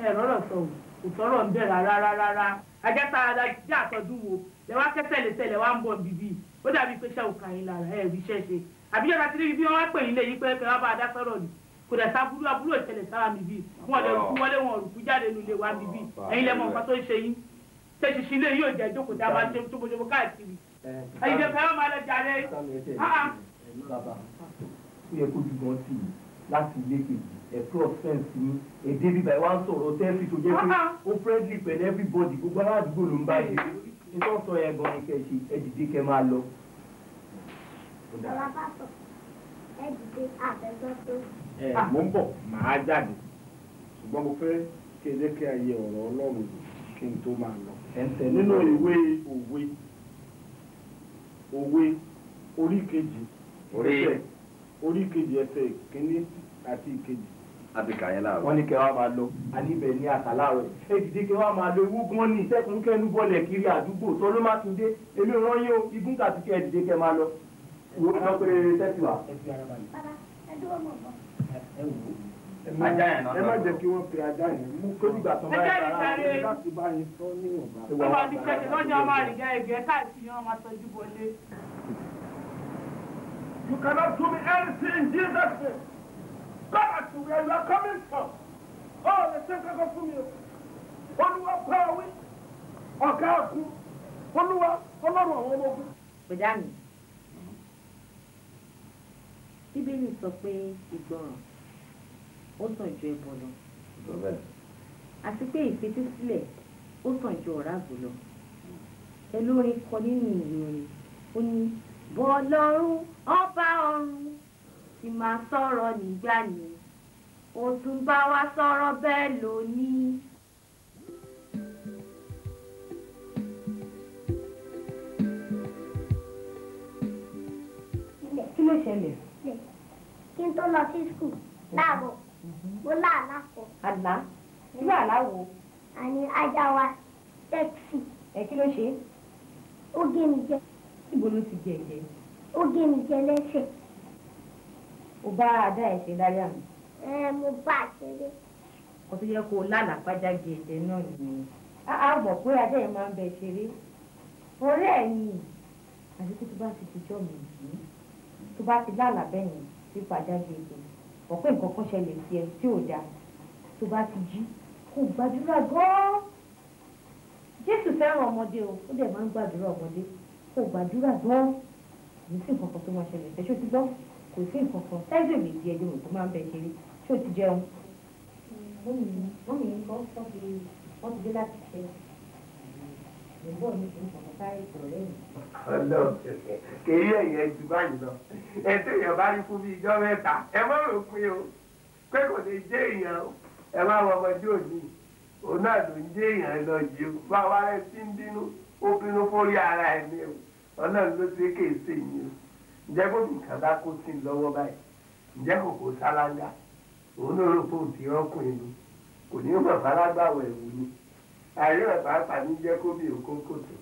ẹ̀rọ rọ̀ sọ ò kò tọrọ ń bẹ̀ rárá rárá rárá ajá tá a já àtọ́jú wo lẹ wá kẹ́sẹ̀ lè tẹ̀lẹ̀ wá ń bọ̀ bíbí ó dàbí pé ṣáà òkà yín lára ẹ̀ rí iṣẹ́ ṣe àbíjọ́ ta ti rí bí wọ́n wá pè yín lé yí pé kẹ́ wá bá a dá sọ̀rọ̀ ni kò dẹ̀ sábúrú àbúrò ìṣẹ̀lẹ̀ sára bíbí wọn lè rúkú wọlé wọn rúkú jáde nílé wa bíbí ẹ̀yin lẹ́mọ̀ nǹkan tó ń ṣe yín ṣe ṣiṣi ilé yóò jẹ́ jókòó tá a máa ṣe tóbojúbo káàkiri ẹ̀yin lè fẹ́ràn máa lọ jàre. bàbá ó yẹ kó ju gan sí i láti ilé kejì ẹ̀kú ọ̀fẹ́ǹsì yín èdè bíbá ẹ̀ wá ń sọ̀rọ̀ tẹ́ẹ̀sì tó jẹ́ pé ah, ah. ó friendly pẹ̀lú everybody gbogbo aládùúgbò ló ń bá yẹ nítorí sọ yẹn gan ni kẹ́ ṣe ẹ dìde kẹ́ máa lọ. ẹ mo ń bọ̀ màá jáde ṣùgbọ́n mo fẹ́ kí ẹ jẹ́ kí a yẹ ọ̀rọ̀ ọlọ́run kí n tó máa lọ. nínú ìwé òwe òwe orí kejì orí kejì ẹsẹ̀ kínní àti ìkejì àti kàyẹn láàárọ̀. wọ́n ní kẹ́ máa lọ àníbẹ̀ ní àtàláàrọ̀ èdìdí kẹ́ wá máa lọ ewúgbọ́n ní ìṣẹ́kùn kẹ́nu bọ́ọ̀lẹ̀ kiri àdúgbò tọ́ló má tún dé èmi rán yín o igún kàtí kẹ́ èdìdí kẹ́ máa lọ. wo ló pé sẹ́tì wa. ẹ má jẹ́ kí wọ́n pe ajá yẹn mú kó tó bá yẹ rẹ láti bá yẹn sọ níwọ̀nba. ọba ti tẹ̀sẹ̀ lọ́jọ́ máa rìn gẹ́gẹ́ gẹ́gẹ́ káàkiri wọn máa tọ́jú bọ́lé. You cannot do me anything, in Jesus. name back to where you are coming from. Oh, the same kankan fún mi o. Olúwa bá wí. Ọ̀gá àgùn. Olúwa ọlọ́run àwọn ọmọ ogun. Bùdá mi. Bíbélì sọ pé ìgbọràn ó sàn ju ẹbọ lọ. Àti pé ìfetísílẹ̀ ó sàn ju ọ̀rá àgbò lọ. Ẹlórin kọ nínú ìròyìn ó ní bọ́ọ̀lọ́run ọba ọ̀run sì máa sọ̀rọ̀ nígbà yẹn ó tún bá wa sọ̀rọ̀ bẹ́ẹ̀ ló kí ló ṣẹlẹ̀? kí n tó lọ sí skul láàárọ̀ mhm. mo láàlá kan. àlá irú àlá wo? àní ajá wa tẹ́kisì. ẹ kí ló ṣe? ó gé mi jẹ. níbo ló ti jẹ jẹ? ó gé mi jẹ lẹ́sẹ̀ o bá adá ẹ̀ ṣe láyà mi. ẹ mo bá a ṣeré. kò tó yẹ kó o lálàá pàjá gèdè náà nìyẹn. a mọ̀ pé adá ẹ̀ máa ń bẹ ṣeré. ọ̀rẹ́ ẹ̀ ni àti kó tó bá ti dijọ́ mi yìí tó bá ti lálàá bẹ́yìn sí pàjá gèdè ọ̀pẹ́ nǹkan kan ṣẹlẹ̀ sí ẹ tí ò dáa tó bá ti jí kó gbàdúrà gan-an. jésù fẹ́ràn ọmọdé o ó dẹ̀ máa ń gbàdúrà ọmọdé kó gbàdúrà gan-an. kò ní sí nǹkan kan tó máa ṣẹlẹ̀ kò sí nǹkan kan ṣáájú èmi di ẹjọ́ òkú máa ń bẹ ṣeré tí ó ti jẹun. mọ́mí nǹkan sọ pé wọ́n ti dé láti ṣe ìbò ní kí n kàn sáré ìtọ̀ lẹ́yìn. kèrí ẹ̀yẹ ju báyìí lọ ẹ èèyàn bá rí fún bíi ijọ́ mẹ́ta ẹ má rò pé o pé kò lè jẹ́ èèyàn o ẹ má wọ ọmọdé òní òun náà ló ń jẹ́ èèyàn lọ yìí o bá wa rẹ ti ń bínú ó bínú fórí ara ẹ̀ o ọlọ́run ló ṣe kéèsè yìí o. ǹjẹ́ kada sì kàn bá kó sí i lọ́wọ́ báyìí ǹjẹ́ kò kó sálángà òun náà rò fóun ti rọ́kùnrin lu kò ní mọ̀ falágbàwọ̀ ẹ̀wù ni àìrí pàápàá ní bí òkó kòtò.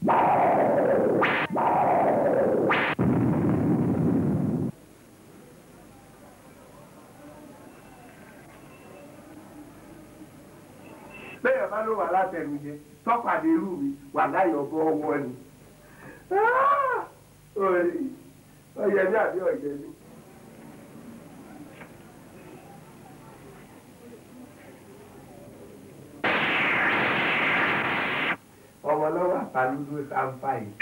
bẹ́ẹ̀ bá ọ̀yẹ̀mí àbí ọ̀yẹ̀mí. ọmọ lọ́wọ́ àpá lúdú sáńpá yìí.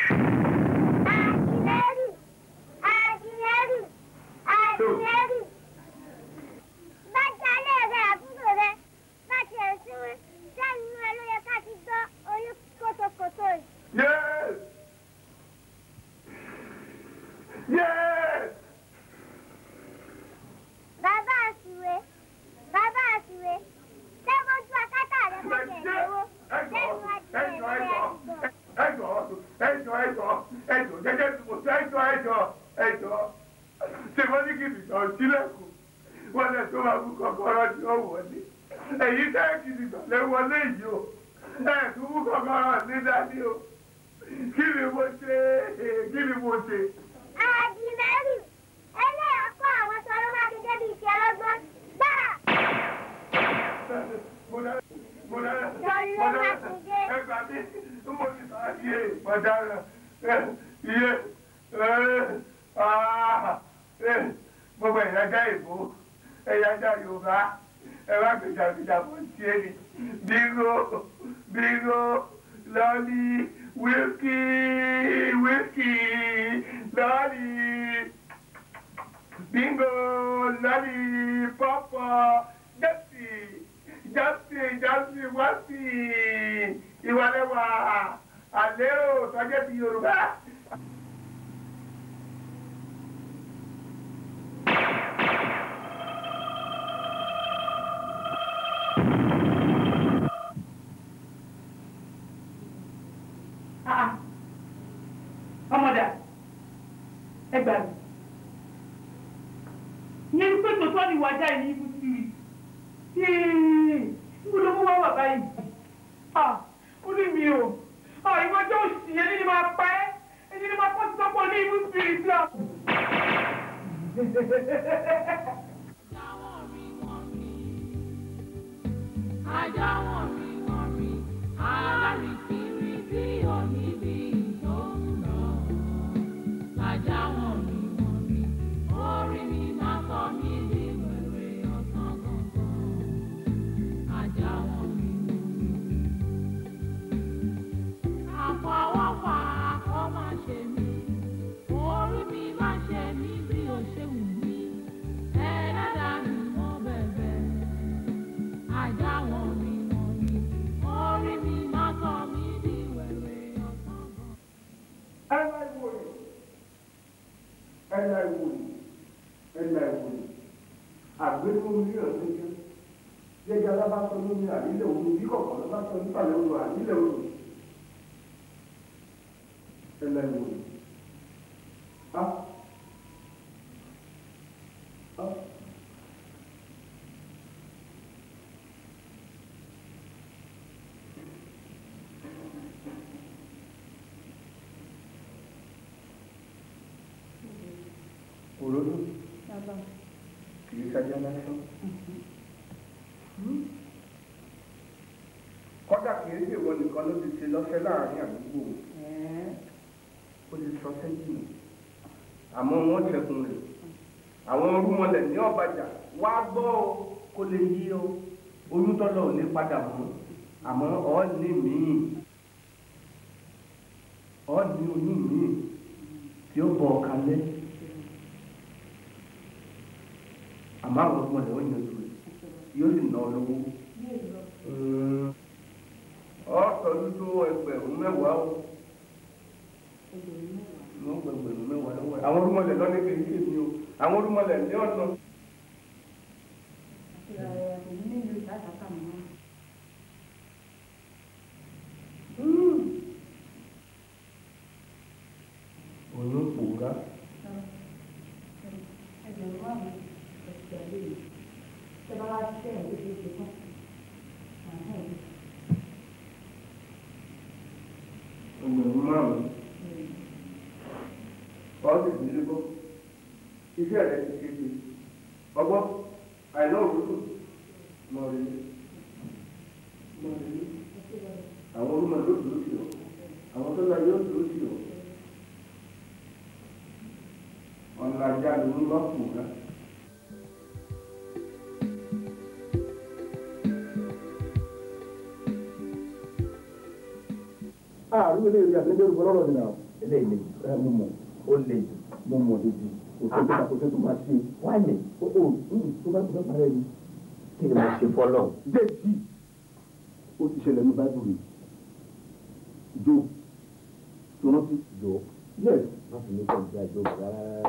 o àìwọ ah, tó sì ẹni ni máa pa ẹ ẹni ni máa pọ́ sí sọ́pọ̀ ní ìlú spiriti ọ. ajá wọn rí wọn rí alárí. ẹnna ìwòye ẹnna ìwòye àgbẹ̀wò mìíràn lójú jẹjẹ alábàtọ lómi àlílẹ̀ òru bí kọ̀ọ̀kan lọ́bàtọ nípàlẹ̀ òru àlílẹ̀ òru ẹnna ìwòye. National. Kìrìsàjọ National. Kọ́dà kìí ṣe ìwọ nìkan ló ti ṣe lọ́fẹ́ láàrin àdúgbò. Ó ti sọ sẹ́yìn nù. Àmọ́ wọ́n ṣẹ̀kùn rẹ̀. Àwọn orúmọlẹ̀ ní ọ̀bàjà wá gbọ́ ọ kó lè yí ọ. Oyún ò ní padà mọ́. Àmọ́ ọ́ ní mí-ín. Ọ́ ní oyún mí-ín tí ó bọ̀ ọ̀kan lẹ́yìn. àmọ́ àwọn ọmọ rẹ̀ ó yanjú rẹ̀ yóò sì ná lówó. ọ tọ́jú tó ẹgbẹ̀rún mẹ́wàá o ẹgbẹ̀rún mẹ́wàá lọ́wọ́ àwọn orúmọlẹ̀ lọ́nà kìí ṣe mi o àwọn orúmọlẹ̀ ní ọ̀nà. iṣẹ́ rẹ̀ ti ṣe ṣe ọgbọ́n àìná òwúrò mọ̀ rẹ̀ mọ̀ rẹ̀ àwọn olúmọ̀ yóò dúró sí ọ àwọn tó lọ yóò dúró sí ọ ọ̀nà ajá ló ń lọ́kùnrin náà. àrùn ilé ìrìn àti ilé ìrìn lọ́rọ̀ nìyàwó. ilé ìlè mo mọ̀ ó lè mo mọ̀ dídì kò tó tó máa ṣe wáyé o ò tó bá tó bá rẹ ni kí ni máa ṣe fọlọ. déjì ó ti ṣẹlẹ̀ ní báìbù Jo, jò tó rántí. jo? yes má fi mí kọ́ ìgbà jò rárá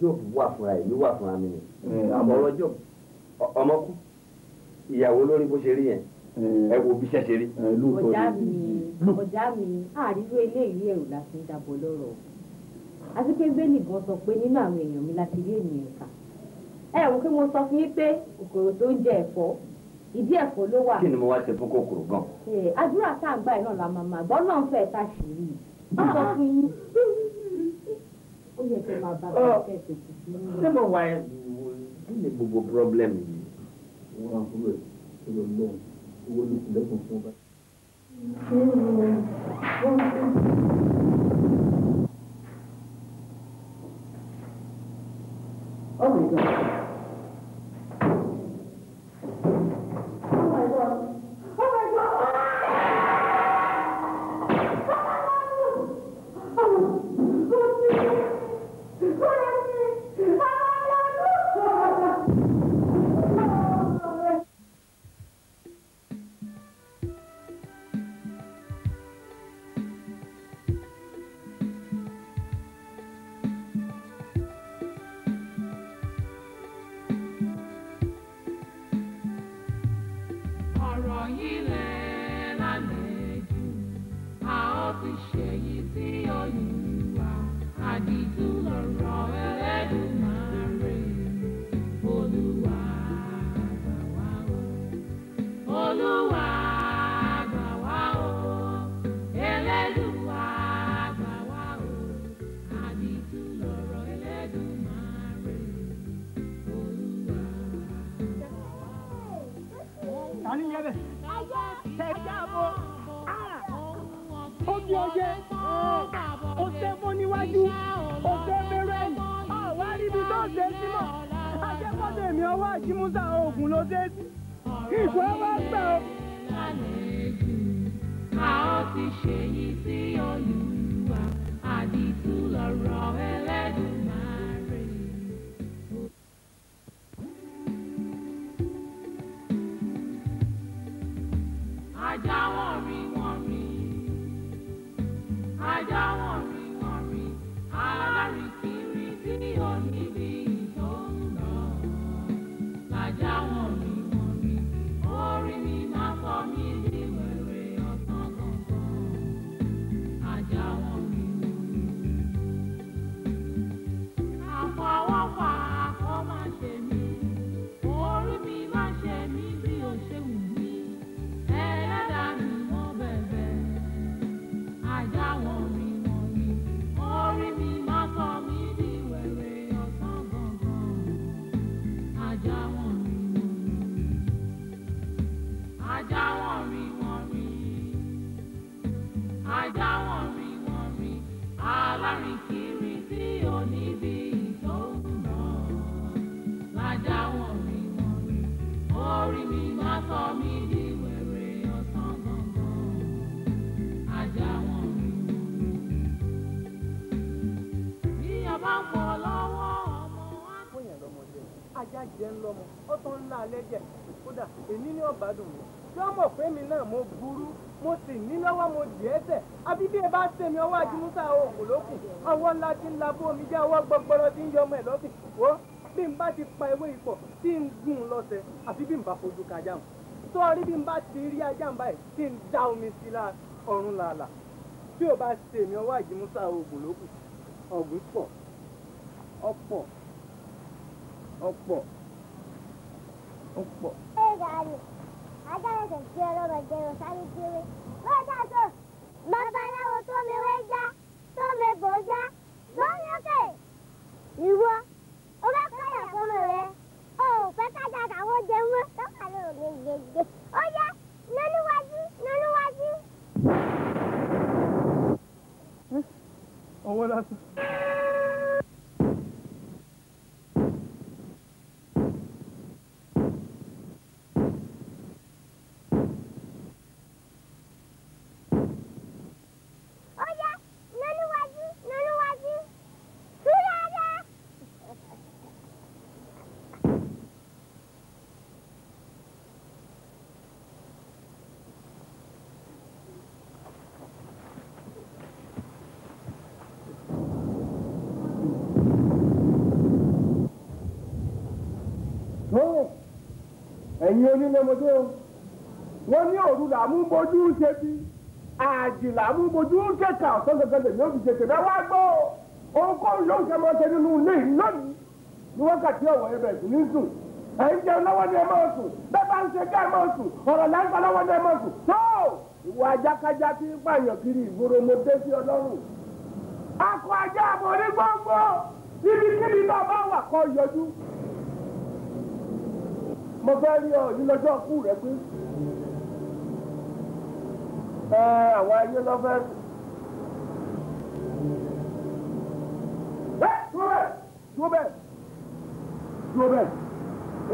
jò wà fúnra ẹ̀ mi wà fúnra mi ni àmọ́ ọ̀rọ̀ jò ọmọ kú ìyàwó lórí bó ṣe rí yẹn ẹ wo bí ṣẹṣẹ rí. ọjà mi ọjà mi àríwé eléyìí ẹ̀rù la fi ń dabọ̀ lọ́rọ̀ àti pé bẹ́ẹ̀lì gan sọ pé nínú àwọn èèyàn mi láti rí ènìyàn kà ẹ wò pé mo sọ fún yín pé kòkòrò tó ń jẹ ẹ̀fọ́ ìdí ẹ̀fọ́ ló wà. kí ni mo wá ṣe fún kòkòrò gan. àdúrà tá à ń gbà ẹ̀ náà la máa máa gbọ́ náà fẹ́ ta sí i ó sọ fún yín. ó yẹ kí n máa bá bá fẹ́ tètè sí i. ṣé mo wá ẹ kí ni gbogbo problem yìí. wọn á kúrò ẹ lọ lọ owó ló ó tán ńlá lẹ́jẹ̀ kódà èmi ní ọ̀bádùn mi yóò mọ̀ pé mi náà mo burú mo sì ní lọ́wọ́ mo dì ẹ́ tẹ̀ àbí bí ẹ bá ṣe mi ọwọ́ ajímúsà òkú lókùn ọwọ́ ńlá ti ń labú omi jẹ́ ọwọ́ gbọgbọrọ ti ń yọ ọmọ ẹ̀ lọ́sìn wọ́ bí n bá ti pa ewé ipò tí ń gùn lọ́sẹ̀ àfi bí n bá fojú kájà mu sọ́ọ́rí bí n bá ti rí ajá ń báyìí tí ń dá omi sí la ọ̀run làálà bí o bá ṣe mi ọwọ́ àjímúsà òògùn lókùn ọ̀gùn pọ̀ ọ̀pọ̀ ọ̀pọ̀ ó pọ̀. babaláwo tó mi wé já tó mi bò já lórí òkè ìwọ ó bá káyà fọmọ rẹ ó fẹ́ kájà káwọ́ jẹun mọ́ tọ́kàlẹ́ òní gbègbè ó yá nánúwájú nánúwájú. owó lásán. ẹ̀yin onílémọdé o wọ́n ní òru làmú bojú ṣe bí àjì làmú bojú kẹta ọ̀sán kankan lèmi ò fi ṣe tèmi wá gbọ́ ohunkóhun yóò ṣe máa ṣe nínú ilé lónìí ní wákàtí ọ̀wọ̀ ẹ̀bẹ̀ sùn ní sùn ẹ̀ ń jẹun lọ́wọ́ ni ẹ máa sùn bẹ́ẹ̀ ń ṣe ká ẹ máa sùn ọ̀rọ̀ là lọ́wọ́ ni ẹ máa sùn tó ìwà ajákájá tí ń pààyàn kiri ìgboro mo dé sí ọlọ́run akọ ajá àmọ́ ní gbọ́ngbọ́ níbi kíbi náà bá wà kọ́ yọjú mo fẹ́ rí ọ yìí lọ́jọ́ kú rẹ pé ẹ àwọn ayé lọ fẹ́. ẹ dúró bẹ́ẹ̀ dúró bẹ́ẹ̀ dúró bẹ́ẹ̀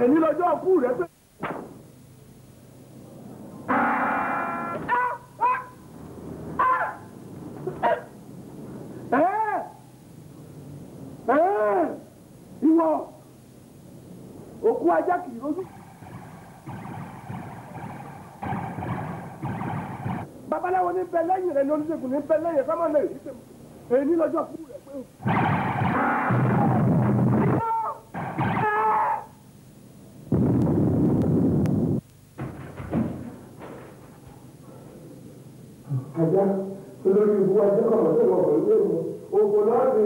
èyí lọ́jọ́ kú rẹ pé. ìwọ òkú lójú. ní bẹ lẹ́yìn rẹ ní oníṣègùn ní bẹ lẹ́yìn sámà náà èyí tẹ̀ èyí ní lọ́jọ́ kú rẹ̀ pé. àjà olórí ìbú ajé kọ̀ọ̀kan tó lọ bọ̀ ilé mi ògùn náà dé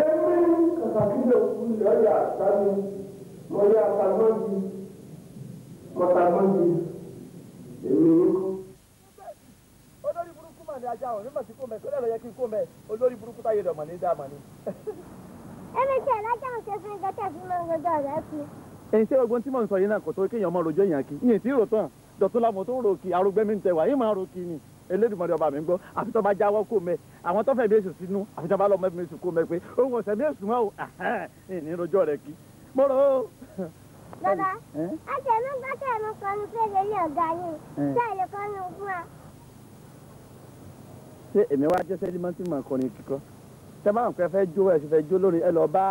èmi kàkàkí lè kú lọ́yà àtàmì mọ́yà àtàmọ́jì mọ́tàmọ́jì. ò ní mọ̀ sí kó mẹ́ sódà lọ yẹ kí n kó mẹ́ olórí burúkú táyé dọ̀mọ̀ ní dàmọ̀ ni. ẹni tí alájà ń ṣe fún ẹgbẹ́ tẹ̀ fún mọ́ ọjọ́ rẹ̀ fi. ẹ̀yin tí ogun tí mò ń sọ yìí náà kò tó kéèyàn mọ rojọ́ èèyàn kí yìnyín tí rò tán dọ̀tún lámọ̀ tó ń ro kí arúgbẹ́mí ń tẹwà yìí máa ro kí ni elédùnmọ̀dé ọba mi ń gbọ́ àfi tó bá jáwọ́ kó mẹ́ àwọn tó fẹ́ bí èsù sínú àfi tó bá lọ mọ́ bí èsù kó mẹ́ pé òun ọ̀sẹ̀ bí èsù mọ́ ò ní rojọ́ rẹ̀ kí mọ́rọ̀ o. bàbá a tẹ̀mí bá tẹ̀mí kan ní pé lè ní ọ̀gá yìí tẹ̀lé kan ní ogún wa ṣé èmi wá jẹ́ sẹ́dímọ́ tí màá kọrin kíkọ́ tẹ́ bá wọn pẹ́ fẹ́ jó ẹ̀ ṣe fẹ́ jó lórí ẹ lọ bá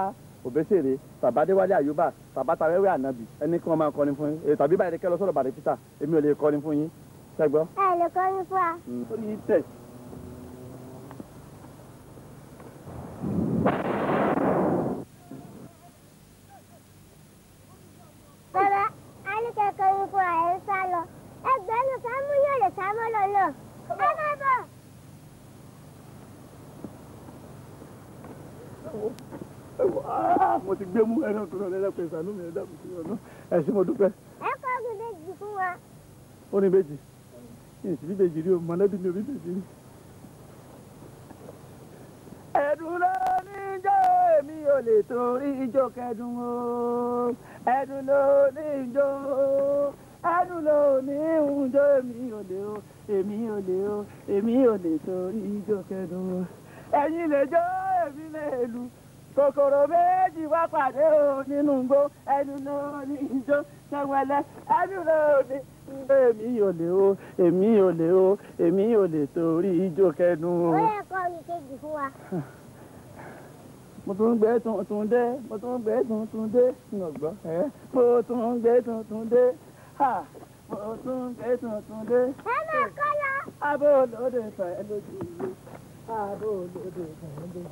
òbẹ́sẹ̀rẹ̀ tàbádéwálé àyùbá tàbátàwẹ́wẹ́ ànábì ẹni kí wọ́n máa kọrin fún yín tàbí báyìí kẹ́ lọ sọ́dọ̀ bàdé peter èmi ò lè kọrin fún yín ṣẹ́gbọ́. ẹ lè kọrin fún wa. Hmm. ó ní tẹ̀sí mo ti gbé mú ẹran tó náà lẹ́dàpẹ́ ìsànú mi ẹ̀dá mi sí ẹ̀sìn mo dúpẹ́. ẹ kọ́ mi méjì fún wa. ó ní méjì ìsì bí méjì rí o mọ̀lẹ́bí mi ò bí méjì rí. ẹ̀dùn ló ní jẹ́ èmi ò lè torí ijó kẹdùn o ẹ̀dùn ló ní jó ẹ̀dùn ló ní ìjó èmi ò lè o èmi ò lè o èmi ò lè torí ijó kẹdùn o ẹ̀yin lè jó èmi lè lu kòkòrò méjì wá pàdé o nínú igbó ẹnu náà ní ijó ṣẹwẹlẹ ẹnu náà ní èmi ò lè o èmi ò lè o èmi ò lè torí ijó kẹnu o. ó yẹ kọ́ mi kejì fún wa. mo tún gbé tuntun dé mo tún gbé tuntun dé ṣùgbọ́n ẹ mo tún gbé tuntun dé mo tún gbé tuntun dé. ẹ máa kọ́ lọ. abó olóde fẹ́ lójú ìlú abó olóde fẹ́ lójú ìlú.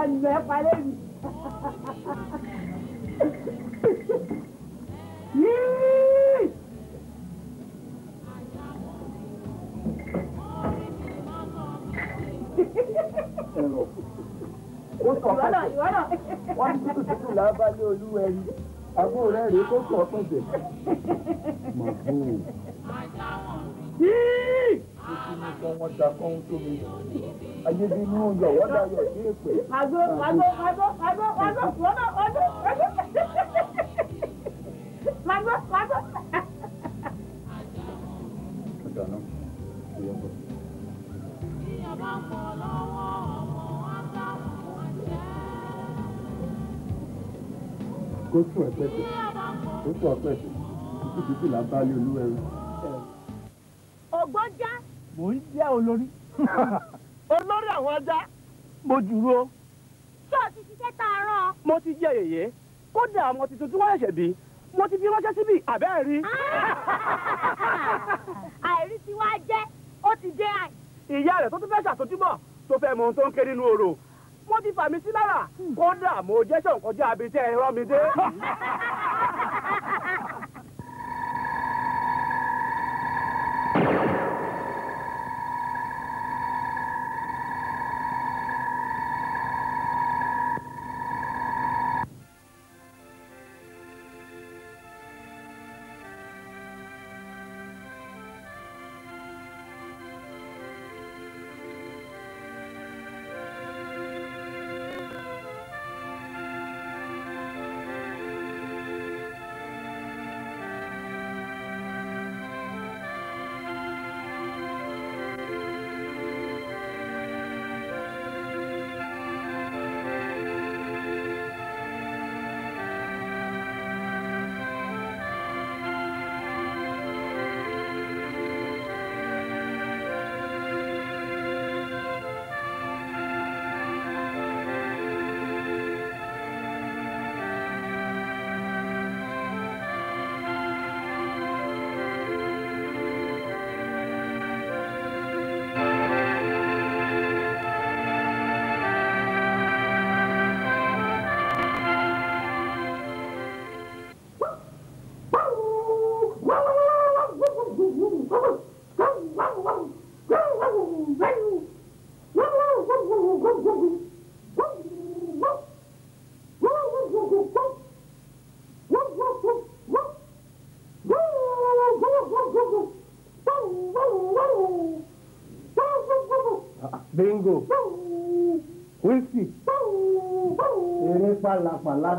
máa lù ẹ́ palẹ́ mi. ẹ̀rọ ó sọ pé wọ́n ní tútù lábálẹ̀ olúwẹ̀rí àbúrò rẹ̀ rèé tó sọ pé bẹ̀ lọ wọ́n dá yọ̀ sí èpè. àgbo àgbo àgbo àgbo wọ́n náà ké nínú orò mo ti fà mí sí lára hmm. kódà mo jẹ́ sọ̀nkọjá abitẹ́ ẹ̀rọ mi dé.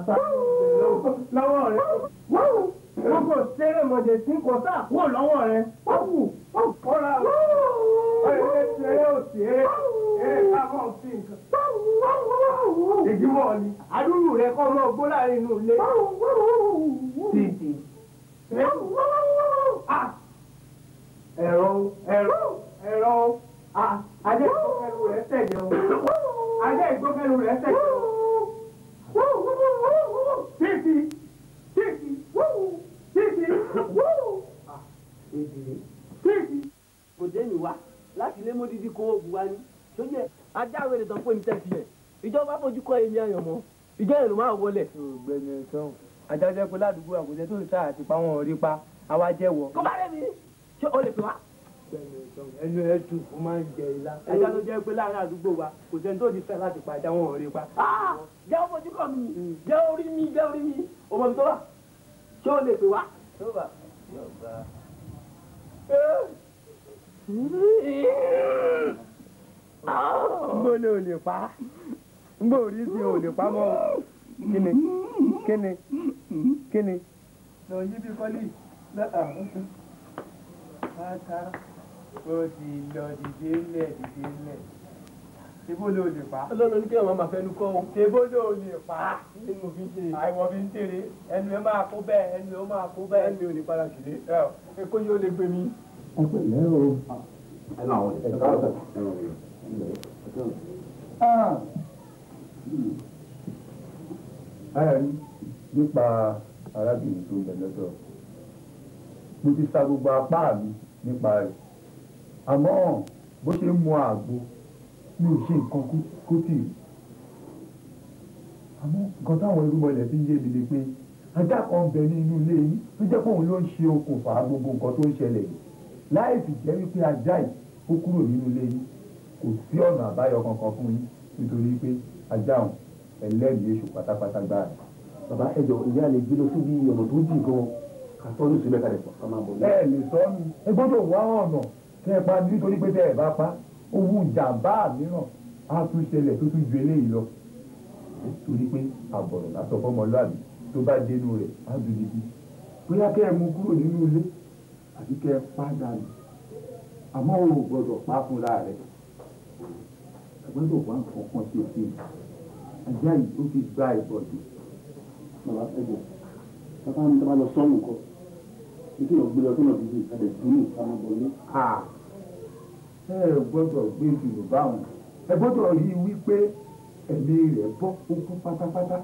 Bye. àtàwọn ẹgbẹ́ ládùúgbò àkùtẹ́ tó ń sá àti pa wọn rí pa àwa jẹ́wọ́. kó bá rẹ̀ mi ṣé o lè pè wá. ẹnu ẹ tù ó máa ń jẹ ilá. ẹja ló jẹ́ pé láàrin àdúgbò wa kò sẹ́ni tó ti fẹ́ láti pa ẹja wọn rí pa. Ah! jẹ́ ó fojú kàn mí hmm. jẹ́ orí mi jẹ́ orí mi òmò mi tó wà ṣé o lè pè wá. ngbọ́n lè ò lè pa ngbọ́n orí ti ò pa mọ́ kíni mm-hmm. kíni mm-hmm. kíni. lọ yí bí kọ́lí lọ́tà ọ̀tún pátá ó ti lọ dìde ńlẹ̀ dìde ńlẹ̀ ṣebó ló lè pa. ọlọ́run ní kí ọmọ máa fẹnu kọ́ o. ṣebó ló lè pa. ní ah, mo fi ń ṣe. àìwọ̀ fi ń tèrè ẹnu ẹ máa kó bẹ́ẹ̀ ẹnu ẹ máa kó bẹ́ẹ̀. ẹnu ò ní para kìlé. ẹ kó yóò lè gbé mi. ẹ pẹ̀lẹ́ o. ẹ náà wọlé. ẹ káàbọ̀. ẹ náà wọlé. ẹ náà wọlé ayọ̀rí nípa arábìnrin tó ń bẹ lọ́dọ̀ mo ti sa gbogbo apá mi nípa rẹ̀ àmọ́ bó ṣe ń mu àgbo mi ò ṣe nǹkan kó tì í àmọ́ nǹkan táwọn irú mọ̀lẹ́ fi ń yé mi ni pé ajá kan bẹ ní inú ilé yín tó jẹ́ pé òun ló ń ṣe okùnfà gbogbo nǹkan tó ń ṣẹlẹ̀ yìí láì sì jẹ́ wípé ajá yìí ó kúrò nínú ilé yín kò sí ọ̀nà àbáyọ kankan fún yín nítorí pé ajá òun ẹlẹ́rìí èṣù pátápátá gbà rẹ̀. bàbá ẹjọ ìyá lè gbé lọ síbi ọ̀nà tó jì gan ká sọ́ọ́nù sílẹ̀ ká lè pọ̀ ká máa bọ̀ lẹ́yìn. ẹ lè sọ́ọ́nù ẹ gbọ́dọ̀ wá ọ̀nà kí ẹ pa nítorí pé tẹ́ ẹ bá pa owó ìjàmbá mìíràn á tún ṣẹlẹ̀ tó tún ju eléyìí lọ. torí pé àbọ̀rọ̀ lásọ fọmọlúàbí tó bá dénú rẹ̀ á dùn níbi bóyá kẹ́ ẹ mú kúrò nínú ilé àbí kẹ́ ẹ padà nù àmọ́ o gbọ́dọ̀ pa fúnra rẹ̀ ẹgbẹ́ tó wà nǹkan kan tí o fi ajá yìí ó fi gba ìbọ̀dù. bàbá ẹgbẹ́ bàbá mi bá lọ sọ́ọ̀nù kọ títí lọ gbé lọ sọ́nà bíbí ìpàdé dùnú àmọ́ bọ̀ ní. ẹ gbọ́dọ̀ gbé jùlọ báwọn ẹ gbọ́dọ̀ rí i wípé ẹ̀mí rẹ̀ bọ́ kúkú pátápátá.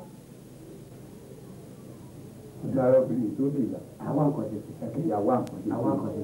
ọ̀dà arábìnrin tó lè là. àwa nǹkan ṣe. ẹ̀kẹ́ ìyàwó àǹkan ṣe. àwa nǹkan ṣe.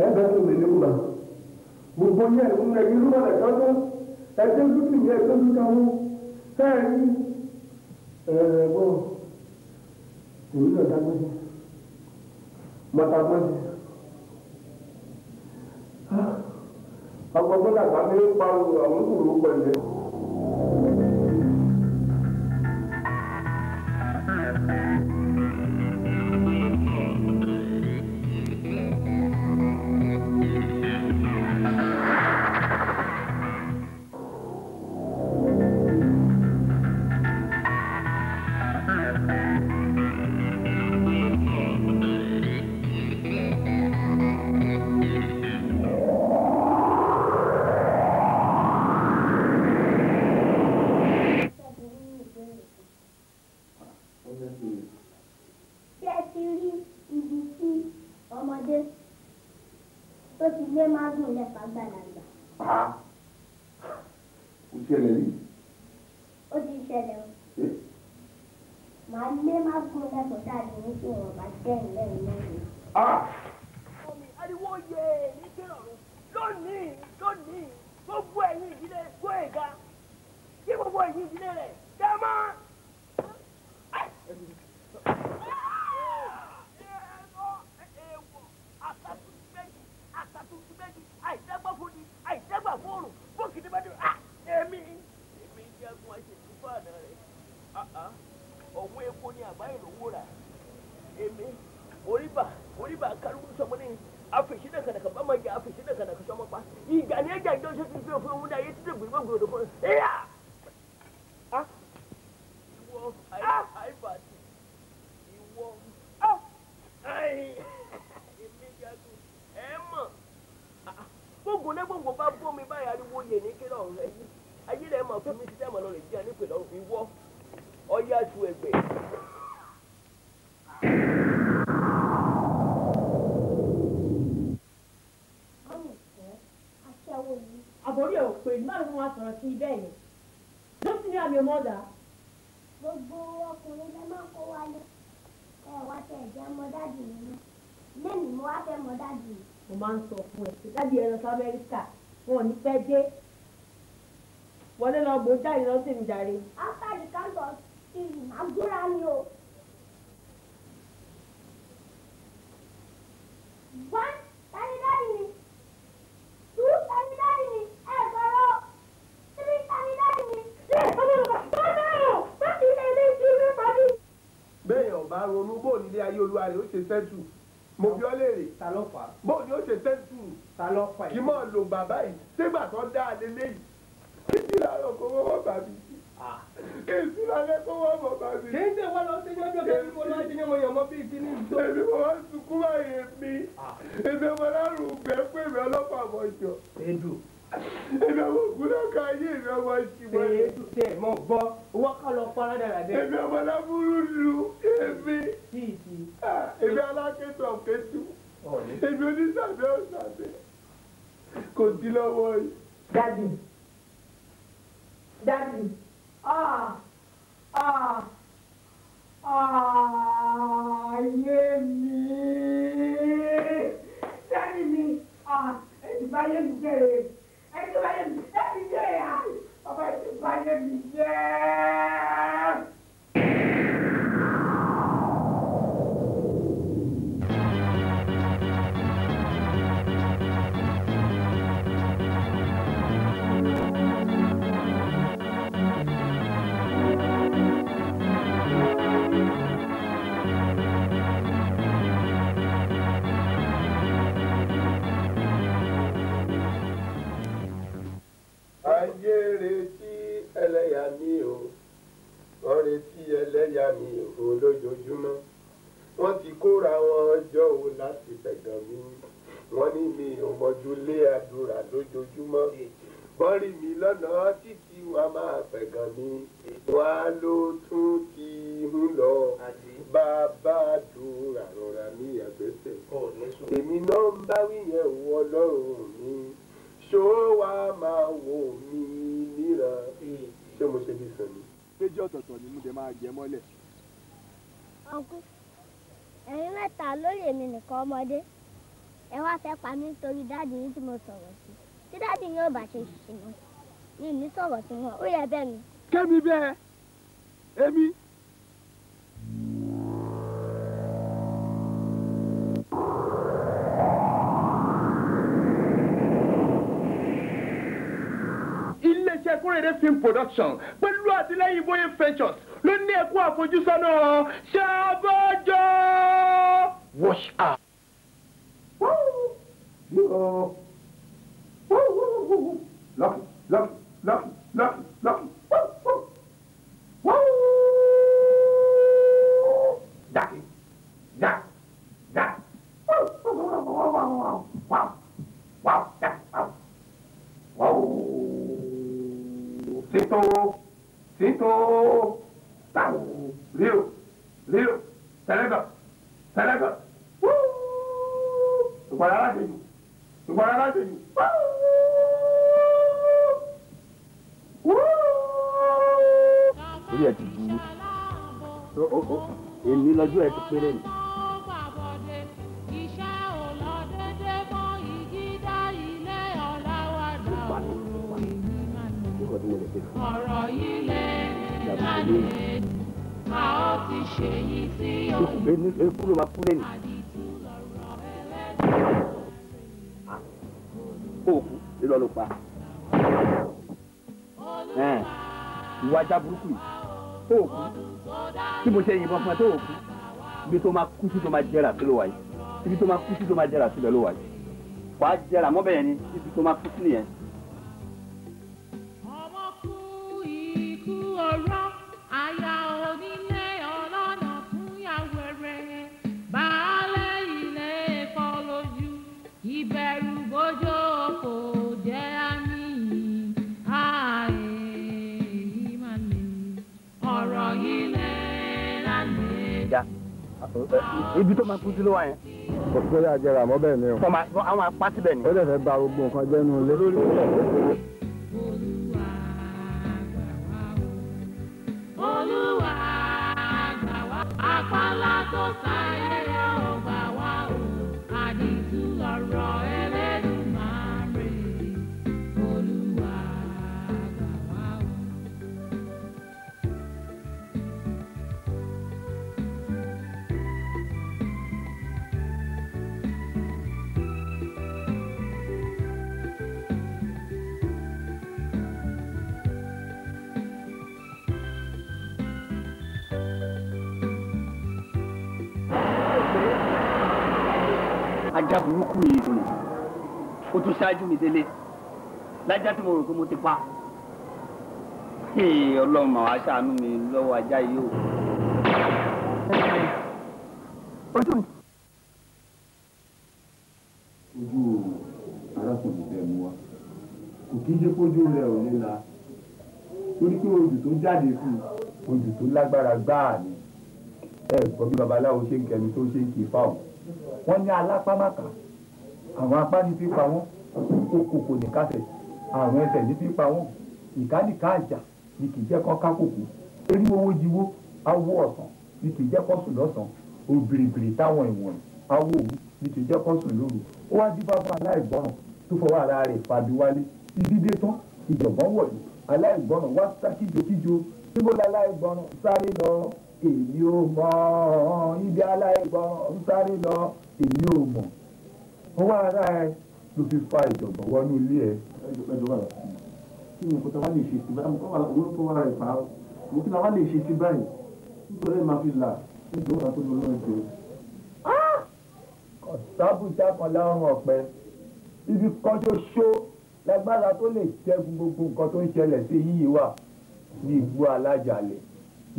ẹ̀ẹ́dá tó lè léwu la gbogbo yẹ ẹ̀kún ẹ̀yìn ló wà lẹ́ka tó ẹ̀jẹ̀ dúdú yẹ ẹ̀jẹ̀ dúdú kan wọ́n sẹ́ẹ̀ni ẹ̀ẹ́dọ́ èyí lọ́dá gbẹ́sẹ̀ mọ́ta gbẹ́sẹ̀ ah, ọgbọ́n dàgbà mi ń pa àwọn kùrù pẹ̀lẹ́. Thank you. 你妈住院。sí ibẹ̀ yẹn don't you know I'm your mother. gbogbo ọkùnrin lè máa kó wálé ẹ wá tẹ ẹ̀jẹ̀ mọ dáàdì mi mọ́ mo wá fẹ́ mọ mo máa ń sọ fún ẹ pé ẹ lọ sí Amẹ́ríkà wọn ò ní pẹ́ dé wọlé lọ gbó jáde lọ sí mi jàre. after the count of three màá gbúra mi o. one ronú bó nílé ayé olúwa rẹ̀ ó ṣe sẹ́tù mo bí ọ léèrè bó ni ó ṣe sẹ́tù kí mọ̀ lò bàbá yìí sígbà tó dá a lélẹ́ yìí kí ti ra lọ kó wọ́n bà mí kí ti ra lẹ kó wọ́n bọ̀ bà mí. kì í ṣe wọ́n lọ sí jọ́jọ́ kẹ́mi mo lọ́ọ́ ti ní mo yàn mọ́ bíi kíní ìjọ. èmi mo wá sunkún báyìí mi èmi mo lárùn gbẹ pé mi ọlọ́pàá mọ̀ jọ èmi àwọn ògúnlẹ̀ ká ayé mi ọmọ ìṣìwọ́ yẹn. ṣe ṣe mọ gbọ́ owó kọ́ lọ fọ́ ládàradẹ. èmi ọmọ aláburú lu èmi èmi alákẹ́tọ̀ kẹ́tù èmi onísàbẹ̀ ọ̀sàbẹ̀ kò sí lọ́wọ́ yìí. dadi dadi ah ah ah ayé mi dadi mi ah ìbáyé mi bẹ̀rẹ̀. Esto es el I para que vayan bien. yé retí ẹlẹ́yà mi o wọ́n retí ẹlẹ́yà mi o lójoojúmọ́ wọ́n ti kóra wọn jọ o láti fẹ̀gàn mi wọ́n ní mi ò mọ̀jú lé àdúrà lójoojúmọ́ wọ́n rí mi lọ́nà títí wàá máa fẹ̀gàn mi wàá ló tún ti ń lọ bá a bá a dùn àrọ̀rà mi àgbẹ̀sẹ̀ èmi náà ń báwí yẹn wọ ọlọ́run mi ṣó wa máa wò mí níran ṣé mo ṣe bí sàn ni. méjì ọ̀tọ̀ọ̀tọ̀ ni mo dẹ̀ máa jẹ mọ́lẹ̀. ọ̀nkú ẹ̀yin mẹ́ta lórí èmi nìkan ọmọdé ẹ wá fẹ́ pa mí nítorí dáàdì yín tí mo sọ̀rọ̀ sí tí dáàdì yín ò bá ṣe ṣìṣì mọ́ mi ò ní sọ̀rọ̀ sí wọn ó yẹ bẹ́ẹ̀ ni. kẹ́mi bẹ́ẹ̀ èmi. Akérédé film production pẹ̀lú àtìlẹ́yìn Boye Ventures ló ní ẹ̀kú àfojúsọ́nà ṣàbọ̀jọ́. wash out. lọ́kì lọ́kì lọ́kì lọ́kì lọ́kì. Ducky, duck, duck. Wow. Sinto, sinto, tau, liu, liu, sẹlẹgọ, sẹlẹgọ, wúúú, ìgbọ̀nà aláṣejù, ìgbọ̀nà aláṣejù, wúúú. Orí ẹ̀ ti dùn ún. Èmi lọ́jọ́ ẹ ti péré ni. ọ̀rọ̀ yìí lè jáde a ó ti ṣe yìí tí ó yìí àdìtú lọ́rọ̀ ẹlẹ́dùn òkú lílọ ló pa ìwà ajá burúkú yìí tó òkú tí mo ṣe yìnbọn fún ẹ tó òkú ibi tó máa kú sí tó máa jẹrà sí ló wà yìí ibi tó máa kú sí tó máa jẹrà sí ló wà yìí wàá jẹrà mọ́bẹ̀yẹn ni ibi tó máa kú sí nìyẹn. ibi tó máa kú sí ló wà yẹn. òṣèré àjẹrà mọ́ bẹ́ẹ̀ ni o. àwọn apá síbẹ̀ ni. ó dẹ̀ fẹ́ bà gbogbo nǹkan jẹ́ nínú ilé. ṣáájú mi délé lájá tí mo rò pé mo ti pa ọlọ́run àwọn aṣáánú mi lọ́wọ́ ajá yìí o. ojú mi. ojú arákùnrin bẹ́ẹ̀ mú wa kò kí ń jẹ́ kójú rẹ̀ ò ní la torí pé ojú tó jáde fún un ojú tó lágbára gbáà ni ẹ gbọ́ bí babaláwo ṣe ń kẹnu tó ṣe ń kí fáwọn wọ́n ní alápámákà àwọn apá ní fífa wọn kòkò ní kásẹ̀ àwọn ẹsẹ̀ ní pípa wọn ìkádìká àjà ni kì í jẹ́ kán kákòkò erí owó jiwó awó ọ̀sán ni kì í jẹ́ kán sùn lọ́sàn òbìrìbìrì táwọn ìwọ̀n awó òwú ni kì í jẹ́ kán sùn lóru ó wá dí bàbá aláìgbọràn tó fọwọ́ ara rẹ̀ fàbí wálé ìdídé tán ìjọ̀gbọ́n wọ̀lú aláìgbọràn wá sá kíjokíjo níbo la aláìgbọràn sáré lọ èmi ò mọ̀ ibi aláìgbọràn sáré lọ èmi ò mọ̀ ó wá ara ẹ̀ tó fi fa ìjọ̀gbọ̀n wọnú ilé ẹ. kí ni nǹkan tó wá lè ṣe sí báyìí owó tó wá rẹ̀ pa mo kí ni a wá lè ṣe sí báyìí nítorí ẹ̀ máa fi là nítorí ọ̀la tó lọ́wọ́ ìjọ. Ah! ọ̀sábùjá kan láwọn ọ̀pẹ ibi kan tó ṣó lágbára tó lè ṣẹ́gun gbogbo nǹkan tó ń ṣẹlẹ̀ sí yìí wà ní igbó alájàlẹ̀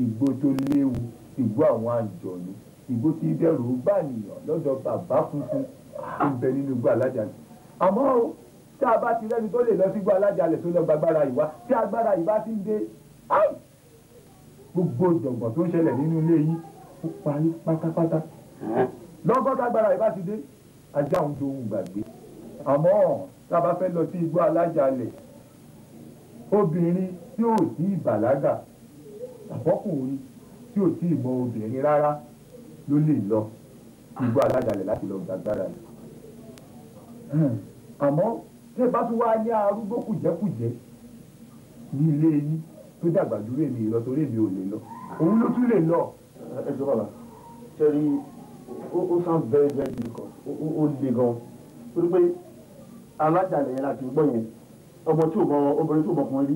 igbó tó léwu igbó àwọn àjọ̀lú igbó tí dẹrù bá nìyàn lọ́dọ̀ bàbá funfun ń bẹ nínú igbó alájàlẹ̀ àmọ́ o tá a bá ti rẹ́ni tó lè lọ sígbó alájàlẹ̀ tó lọ gbàgbára ìwá tí agbára ìbá ti ń dé gbogbo ìjọ̀gbọ̀n tó ń ṣẹlẹ̀ nínú ilé yìí ó parí pátápátá lọ́gọ́ta agbára ìbá ti dé ajá òun dohun gbàgbé àmọ́ tá a bá fẹ́ lọ sí igbó alájàlẹ̀ obìnrin tí ò sí ìbàlágà àbọ́kùnrin tí ò sí ìmọ̀ obìnrin rárá ló lè lọ igbó alájàlẹ̀ láti lọ gbàgbára rẹ̀ àmọ́ tí ìbá tún wá ní arúgbó kùjẹ́kùjẹ́ ní ilé yín tó dàgbà dúró èmi lọ torí èmi ò lè lọ òun ló tún lè lọ. ẹ sọ bàbá sẹ́rí ó sound very very difficult ó le gan torí pé alájà lẹ́yìn láti gbọ́ yẹn ọmọ tí ò mọ obìnrin tí ò mọ ọkùnrin rí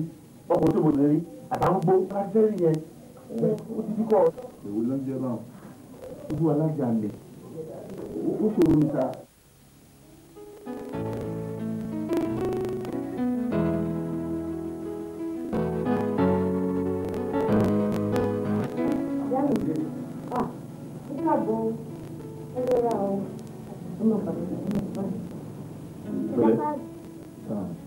ọkùnrin tí ò mọ obìnrin rí àtàrúgbó alájẹ́rì yẹn ó difficult. èwo ló ń jẹ báwọn. ojú alájà lẹ̀ ó ṣòro níta. káàbọ̀ ẹ lè ra o ọmọ bàbá mi ọmọ bàbá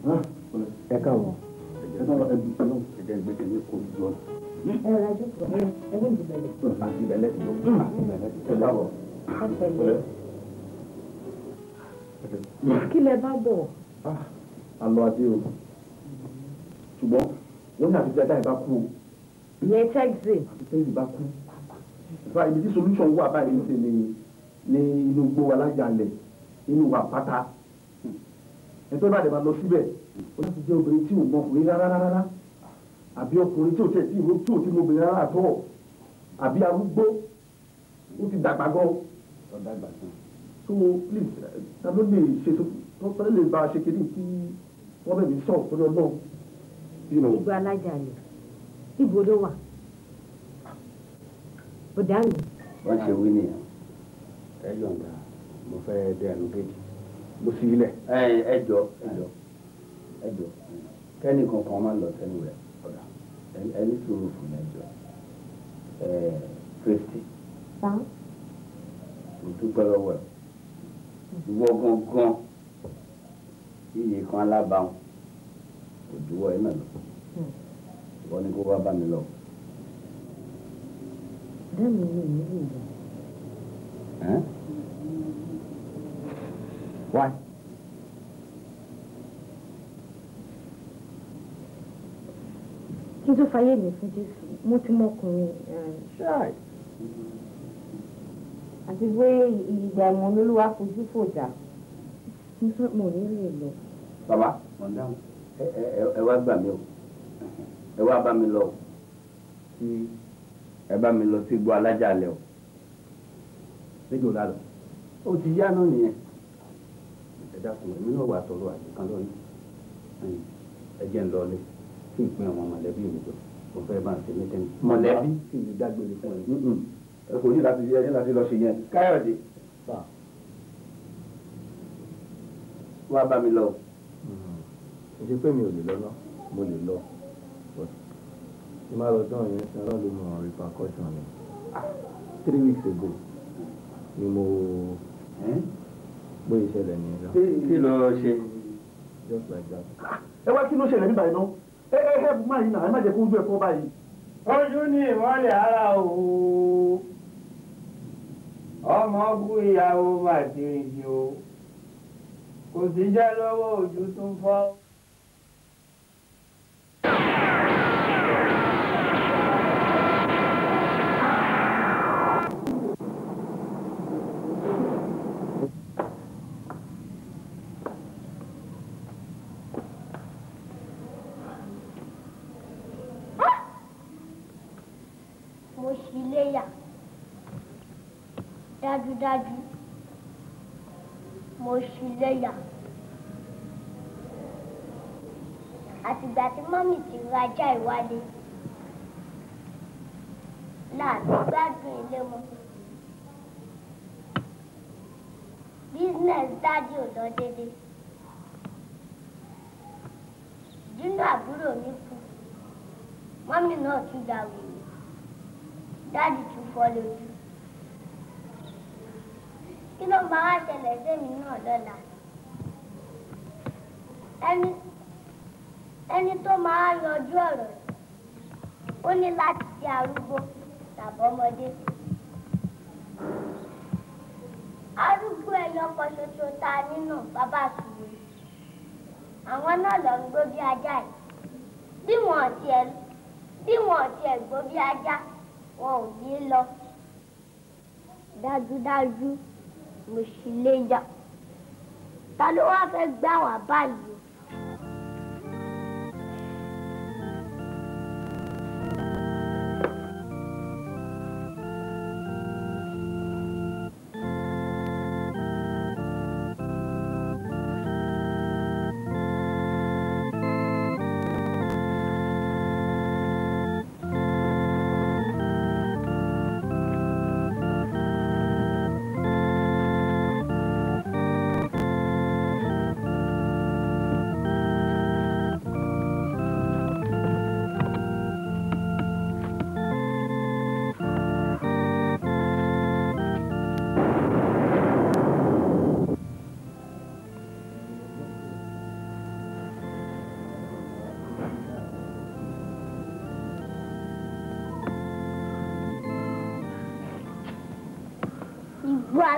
mi. ẹ káàbọ̀ ẹ káàbọ̀ ẹ dùn sọ́nà ẹ jẹ́ ìgbésẹ̀ ní kò jọ. ẹ ra jókòó hmm. ẹ ẹ ní ìdìbẹ̀lẹ̀. àti ìbẹ̀lẹ̀ ti lọ àti ìbẹ̀lẹ̀ ti lọ. ẹ káàbọ̀ ẹ pẹ̀lẹ́. kí hmm. lẹ bá bọ̀. Ah, a lọ adé o ṣùgbọ́n wọ́n ní àtijọ́ ajá ìbá kú o. ìyẹn tẹ́gì. àti tẹ́gì bá kú so ibi tí solution wà báyìí ní sèlè ní inú gbó alájàlẹ̀ inú wà pátá ẹ̀tọ́ bá dẹ̀ máa lọ síbẹ̀ o ti jẹ́ obìnrin tí ò mọ ọkùnrin rárá rárá àbí ọkùnrin tí ò tẹ̀ tí ò tí ò tí mo bìnrin rárá àtọ̀ àbí arúgbó ó ti dàgbà gan so please ta ló lè ṣe tó lè bá a ṣe kéde kí wọ́n bẹ̀ mí sọ̀ fún ọlọ́run. ìgbà alájàlẹ̀ ibodò wà ó dá mi. wọ́n ṣe wí nìyẹn ẹ yọ̀ǹda mo fẹ́ dẹnu kejì mo fi ilẹ̀. ẹ jọ ẹ jọ ẹ jọ kẹ́ni kankan máa lọ sẹ́nu rẹ̀ ọ̀dà ẹni sòrò fún ẹ jọ kristi mo dúpẹ́ lọ́wọ́ ẹ̀ ìwọ gangan iye kan alábàáhùn kò dúwọ́ ẹ náà lọ hmm. ìwọ ni kó wá bá mi lọ dámì mi ní lè Why? kí n tó fayé mi fún Jésù mo ti mọ ọkùnrin. Eh, àti pé ìgbà ìmọ̀ olólùwà fojú fòjà mo fẹ́ mọ̀ nílé lọ. bàbá mo ń dáhùn ẹ wá gbà mí o ẹ wá bá ẹ bá mi lọ sí igbó alájàlẹ o. níjò lálọ. ó ti yá náà nìyẹn. ẹ dákun èmi náà wà tọrọ àyíká lọ́yìn ẹ jẹ́ ń lọlé kí n pín àwọn mọ̀lẹ́bí mi jọ mo fẹ́ bá ń ṣe mẹ́tẹ́ni. mọ̀lẹ́bí kí n lè dágbére fún ẹ. ẹ kò ní láti ẹ ní láti lọ ṣe yẹn. káyọ̀dé wá bá mi lọ. ìdí pé mi ò lè lọ náà mo lè lọ tí má lọ dán yẹn sin ọlọ́run mọ̀ ọ̀rọ̀ ni three weeks ago ni mo gbé ìṣẹ̀lẹ̀ ní ìlọ. kí ló ṣe. just like that. ẹ wá kí ló ṣẹlẹ̀ nígbà yìí náà ẹ ẹ ẹ máa yìí náà ẹ má jẹ́ kó ojú ẹ̀ fọ́ báyìí. ojú ni ìmọ̀lẹ̀ ara òun ọmọ ọgùn ìyàwó màdìrìjì o kò sí jẹ́ lọ́wọ́ ojú tó ń fọ́. dájú mo ṣì lẹ́yà àtìgbà tí mọ́mì ti rajá ìwádé láàbí gbádùn ilé mọ́ bísínẹ́sì dádì ò lọ dédé dínú àbúrò mi kú mọ́mì náà tún dàwé dádì tún fọ́ lójú. kí ló máa wá ṣẹlẹ̀ sẹ́mi náà lọ́la ẹni tó máa yanjú ọ̀rọ̀ ó ní láti ṣe arúgbó tàbí ọmọdé ẹyọ kan ṣoṣo ta nínú bàbá àtúwò àwọn náà lọ gbó bí ajá yìí bí wọn tiẹ̀ wọn gbó bí ajá wọn ò lọ mo ṣì lè yà ta ló wá fẹ́ gbà wá báyìí.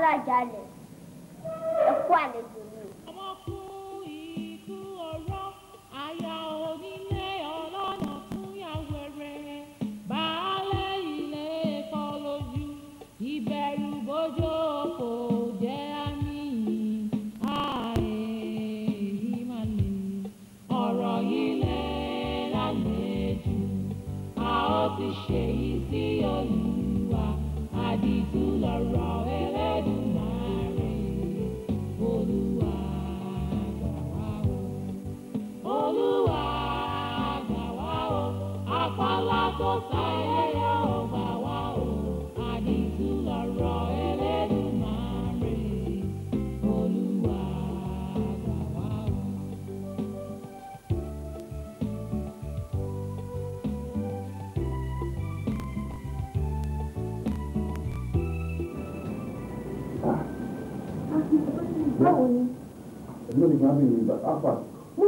wàhálà jalè ẹ kú àlejò mi. ṣèyí sí olùwà àdìtú lọ́rọ̀ ẹ̀. mo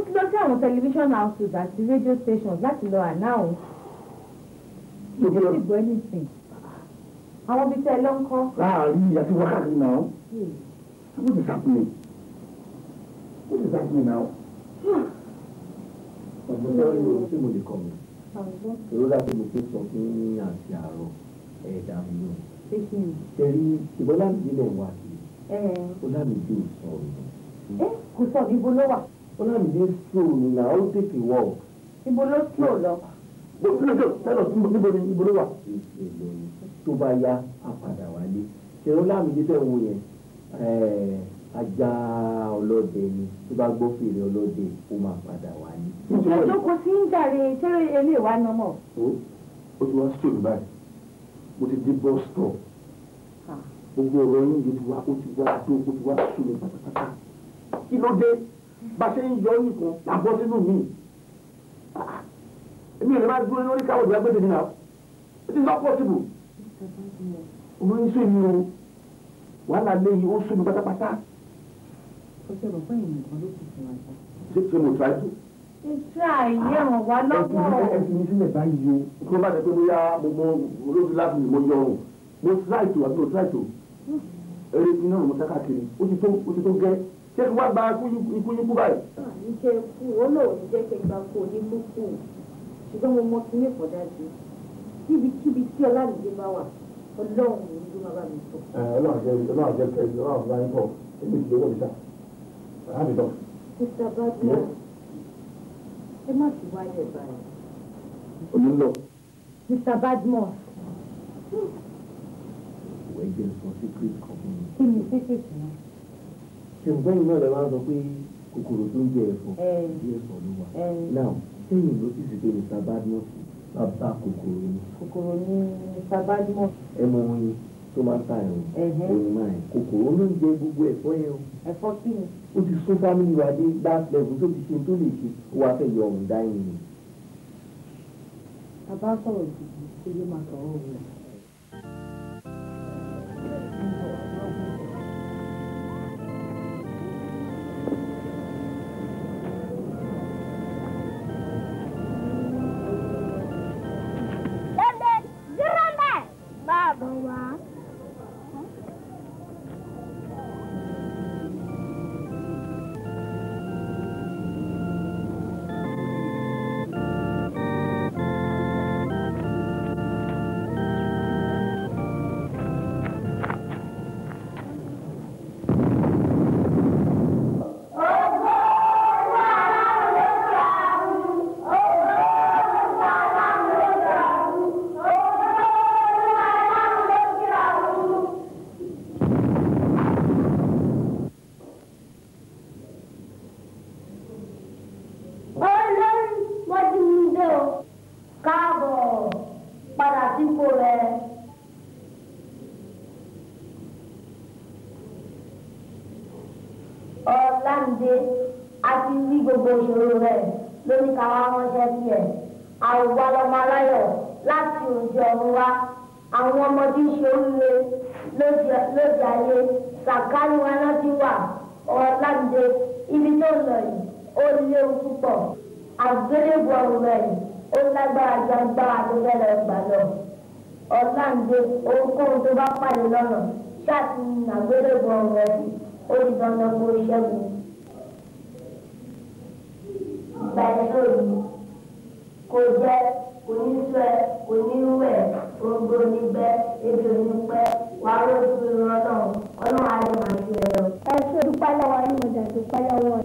ti lọ sí àwọn tẹlifíṣàn houses àti rédíò stations láti lọ àná òun mi ò tí ì gbọ́ anything àwọn bíi tẹ́ ẹ ló ń kọ́. láàárín ìyá tí wákàtí náà hmm. what is happening what is happening now. ọ̀gbọ́n náà ni o tí mo lè kọ́ mi ìrora tí mo ti sọ fún àti àárọ̀ ẹ̀ẹ́dà mi náà ṣe rí ìbọn láti ilẹ̀ wá sí i ó lámì dé sọ̀rọ̀. ẹ kò sọ ibo ló wà. ó lámì dé sọ̀rọ̀ nìyà ó tètè wọ̀. ibo ló sọ̀rọ̀ lọ lọ́jọ́ tẹ́lọ̀ tí níbo ni ibo ló wà. tó bá ya àpàdà wálé ṣẹ̀rún láàmì jíṣẹ́ wo yẹn ajá ọlọ́dẹ ni tó bá gbọ́ fèrè ọlọ́dẹ ó máa padà wálé. ìjọkọ sí ń jàre tẹ́lẹ̀ ilé wa nà mọ̀. ó ti wá sóòlù báyìí mo ti dé bus stop gbogbo ọ̀rọ̀ yín yìí ti wá ó ti wá tó ó ti wá sóòlù pátápátá kí ló dé bá a ṣe ń yọ nìkan làbọ́ sínú mi èmi ìrìn máa dúró lórí káwọ́ ìgbà gbèdè nínú it is not possible. òun ń sún mi o wàhálà léyìí ó sún mi pátápátá. ṣé ṣé mo try to. iṣẹ́ àìyé ràn ah, lọ́wọ́. ẹ mi sílẹ̀ báyìí o. kí wọ́n bá dẹ̀ pé bóyá mo mọ olóògbé láti mo yọ ọ̀rùn mo try to àbí mo try to. Hmm. eré iná mo sá káàkiri ó ti tó ó ti tó gẹ́ ṣé kí wọ́n gba ikú yín kú báyìí. Ah, ìṣe ikú ó lòun jẹ́ kí n gbà kó ní kúkú ṣùgbọ́n mo mọ kinní kan dájú kíbikíbi tí ọlálùdé bá wà ọlọ́run mi ló máa bá mi sọ. ọlọ́run jẹ́ ọlọ́run jẹ́ kẹ́rin ọlọ́run bá ń bọ̀ èmi ìdílé wọ̀ níta láti lọ. mr badmus ẹ má ti wáyé báyìí. omi ń lọ. mr badmus. ìwé jẹ́ sọ secret kan. kí ni secret náà. ṣùgbọ́n iná rẹ̀ máa ń sọ pé kòkòrò tó ń jẹ ẹ̀fọ́ bí ẹ̀fọ́ ló wà. now sẹ́yìn ló sì sì pé Mr Badmus bàbá kòkòrò ni. kòkòrò ni Mr Badmus. ẹ mọ wọn yìí tó máa ń ta ẹ̀rùn ẹ̀rùn máa ẹ̀ kòkòrò ló ń jẹ gbogbo ẹ̀fọ́ yẹn o. ẹ̀fọ́ kí ni. ó ti sún fámìlì wa dé last level tó ti ṣe tó lè ṣe ó wàá fẹ́ yọ ọ̀hún dáhìn ni. bàbá sọ̀rọ̀ jù kí ló máa sọ̀rọ̀ òun dé a ti rí gbogbo ìṣòro rẹ̀ lórí káwá ránṣẹ́ sí ẹ̀ àwùwá lọmọ aláyọ̀ láti òde ọ̀run wá àwọn ọmọdé ṣe ń le lóde ayé sàkáyé wọn láti wà ọ̀làǹdè ibi tó lọ yìí ó léwu púpọ̀ àgbélébù ọ̀run rẹ̀ ó lágbára jàǹgbára tó fẹ́ lọ gbà lọ ọ̀làǹdè ohunkóhun tó bá pàdé lọ́nà ṣáà ti nàgbélébù ọ̀run rẹ̀ ó di dandan kó ṣẹ́gun. gbani lóru kò jẹ oníṣẹ oníwẹ gbogbo onígbẹ ebi onípẹ wàá lójú ìran náà ọlọ́run á lè máa ṣe ẹ lọ. ẹ ṣe dúpẹ́ lọ́wọ́ yín mo dẹ̀ dúpẹ́ lọ́wọ́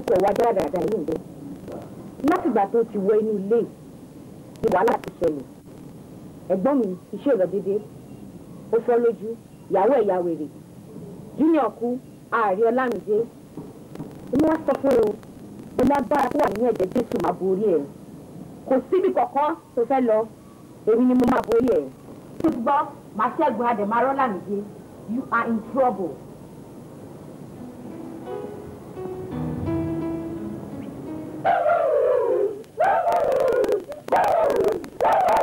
orúkọ wa dáradára yìí ń látìgbà tó ti wọ inú ilé ni wàhálà ti ṣẹlẹ̀ ẹ̀gbọ́n mi iṣẹ́ lọ dédé ó fọ́ lójú ìyàwó ẹ̀yà wèrè junior kú ààrẹ ọlámídé inú wa sọ fún un mo máa bára tó wà nínú ẹ̀jẹ̀ jésù máa borí ẹ̀ kò síbi kankan tó fẹ́ lọ èmi ni mo máa borí ẹ̀. tó gbọ́ màá ṣẹ́gun adẹ̀márọ́ lámìdé you are in trouble. Woo! Woo! Woo! Woo!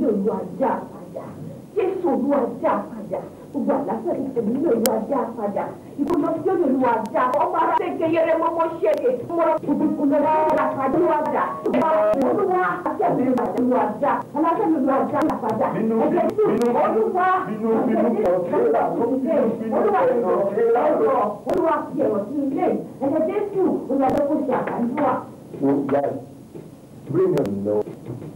ní olúwa já padà jésù olúwa já padà gbogbo àlàáfíà tó tẹ̀lé ní olúwa já padà ìkójọ tí ó ní olúwa já ọba ara ṣèké yẹrẹ mọ́mọ́ ṣẹlẹ̀ mọ́ra gbogbo lọ́wọ́ ọ̀la padà olúwa já ọba olúwa àtẹ̀lé olúwa já aláṣẹ olúwa já padà ẹ̀jẹ̀ tí olúwa olúwa olúwa fi ẹ̀rọ sí ilé ẹ̀jẹ̀ jésù olúwa lọ́kọ̀ ṣe àkàndúrà. Bring him no.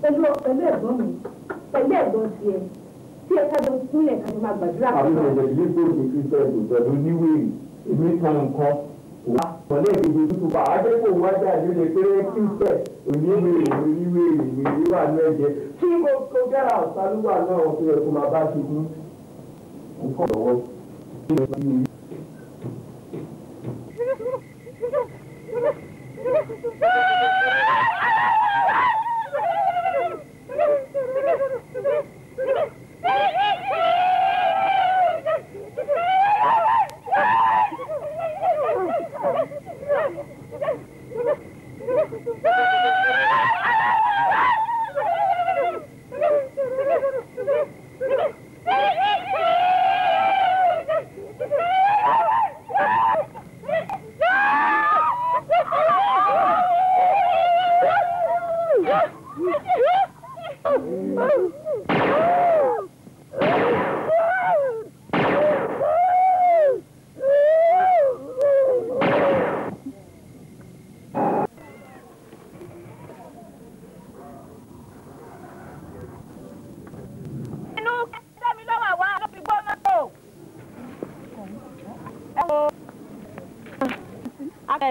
pẹ̀lú pẹ̀lú ẹ̀gbọ́n mi pẹ̀lú ẹ̀gbọ́n tiẹ̀ tí ẹ kájọ kúnlẹ̀ kájọ máa gbàdúrà. àwọn ọ̀rẹ́ yìí tó ṣe fi sẹ́ẹ̀dù pẹ̀lú níwèé èmi kan nǹkan wá pọ̀lẹ́ ìdìbò tuntun bá akẹ́kọ̀ọ́ wájà ìdílé kéré kíkẹ́ oníwèé oníwèé ìwé wà ní ẹ̀jẹ̀ tí mo kó gẹ́rà ọ̀sánúwà náà fi ẹ̀kọ́ máa bá ti kú nǹkan lọ́wọ́ tí mo bá ní.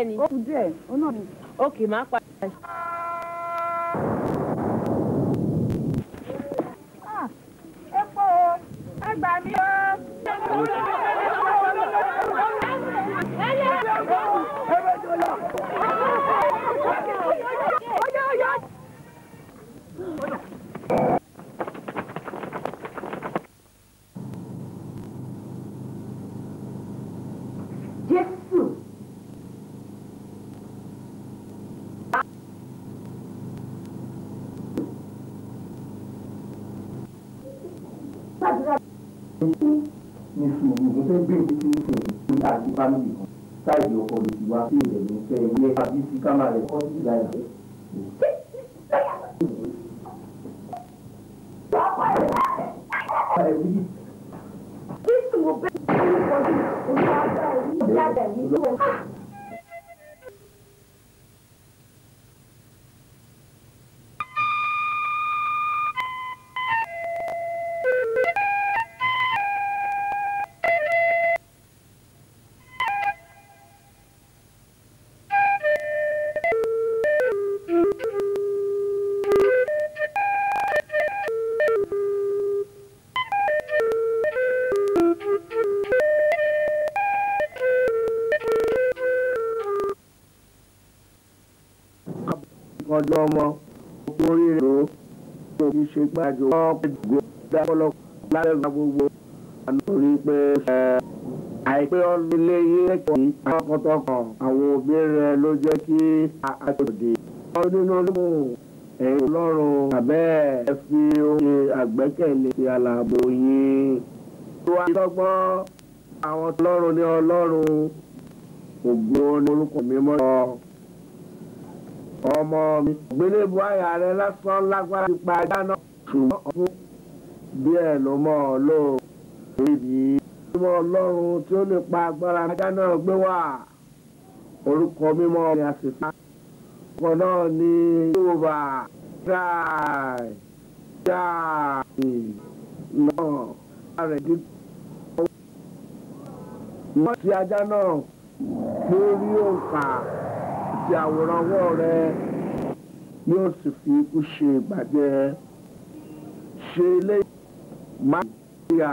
díẹ̀ ni. ó kù díẹ̀ ó náà ni. ok máa pa. ọjọ́ ọmọ òkú oríire ló kò fi ṣe gbàjọ ọ̀pẹ̀dùgbò dápọ̀lọpọ̀ lábẹ́ gbogbo àlórí pé àìpé ọlọ́lé yé lẹ́kọ̀ọ́ yìí àkọ́tọ̀kọ̀ àwọn òbí rẹ̀ ló jẹ́ kí àtòdì ọdún náà ló mú ẹ̀yìn ọlọ́run àbẹ́ ẹ fi oye àgbẹ́kẹ̀lé ti àlàbò yín tó wá dọ́gbọ́n àwọn ọlọ́run ní ọlọ́run ògbó ní orúkọ mímọ́ yọ ọmọ mi gbélébù àyà rẹ lásán lágbára ti pa ajá náà ṣùgbọ́n ọ̀fun díẹ̀ ló mọ̀ ọ́ lò èyí mímọ́ ọlọ́run tí ó lè pa agbára ajá náà gbé wà orúkọ mímọ́ ni a sì fa ọkọ̀ náà ní yorùbá dáì dáì náà lára ìdí wọ́n ti ajá náà lórí òǹkà àwòrán ọwọ́ rẹ̀ yóò sì fi ikú ṣe ìbàjẹ́ ṣe lẹ́yìn máa ń yà.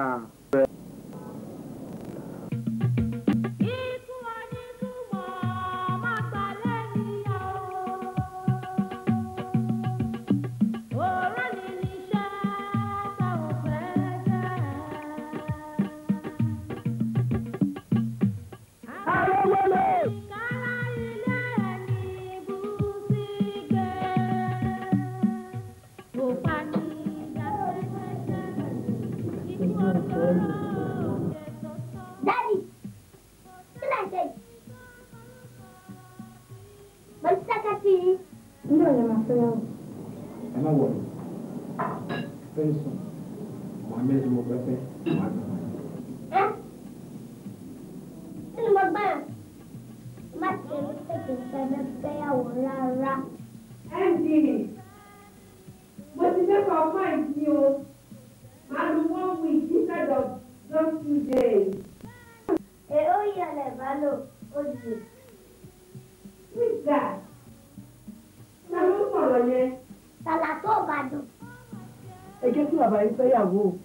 baba isayago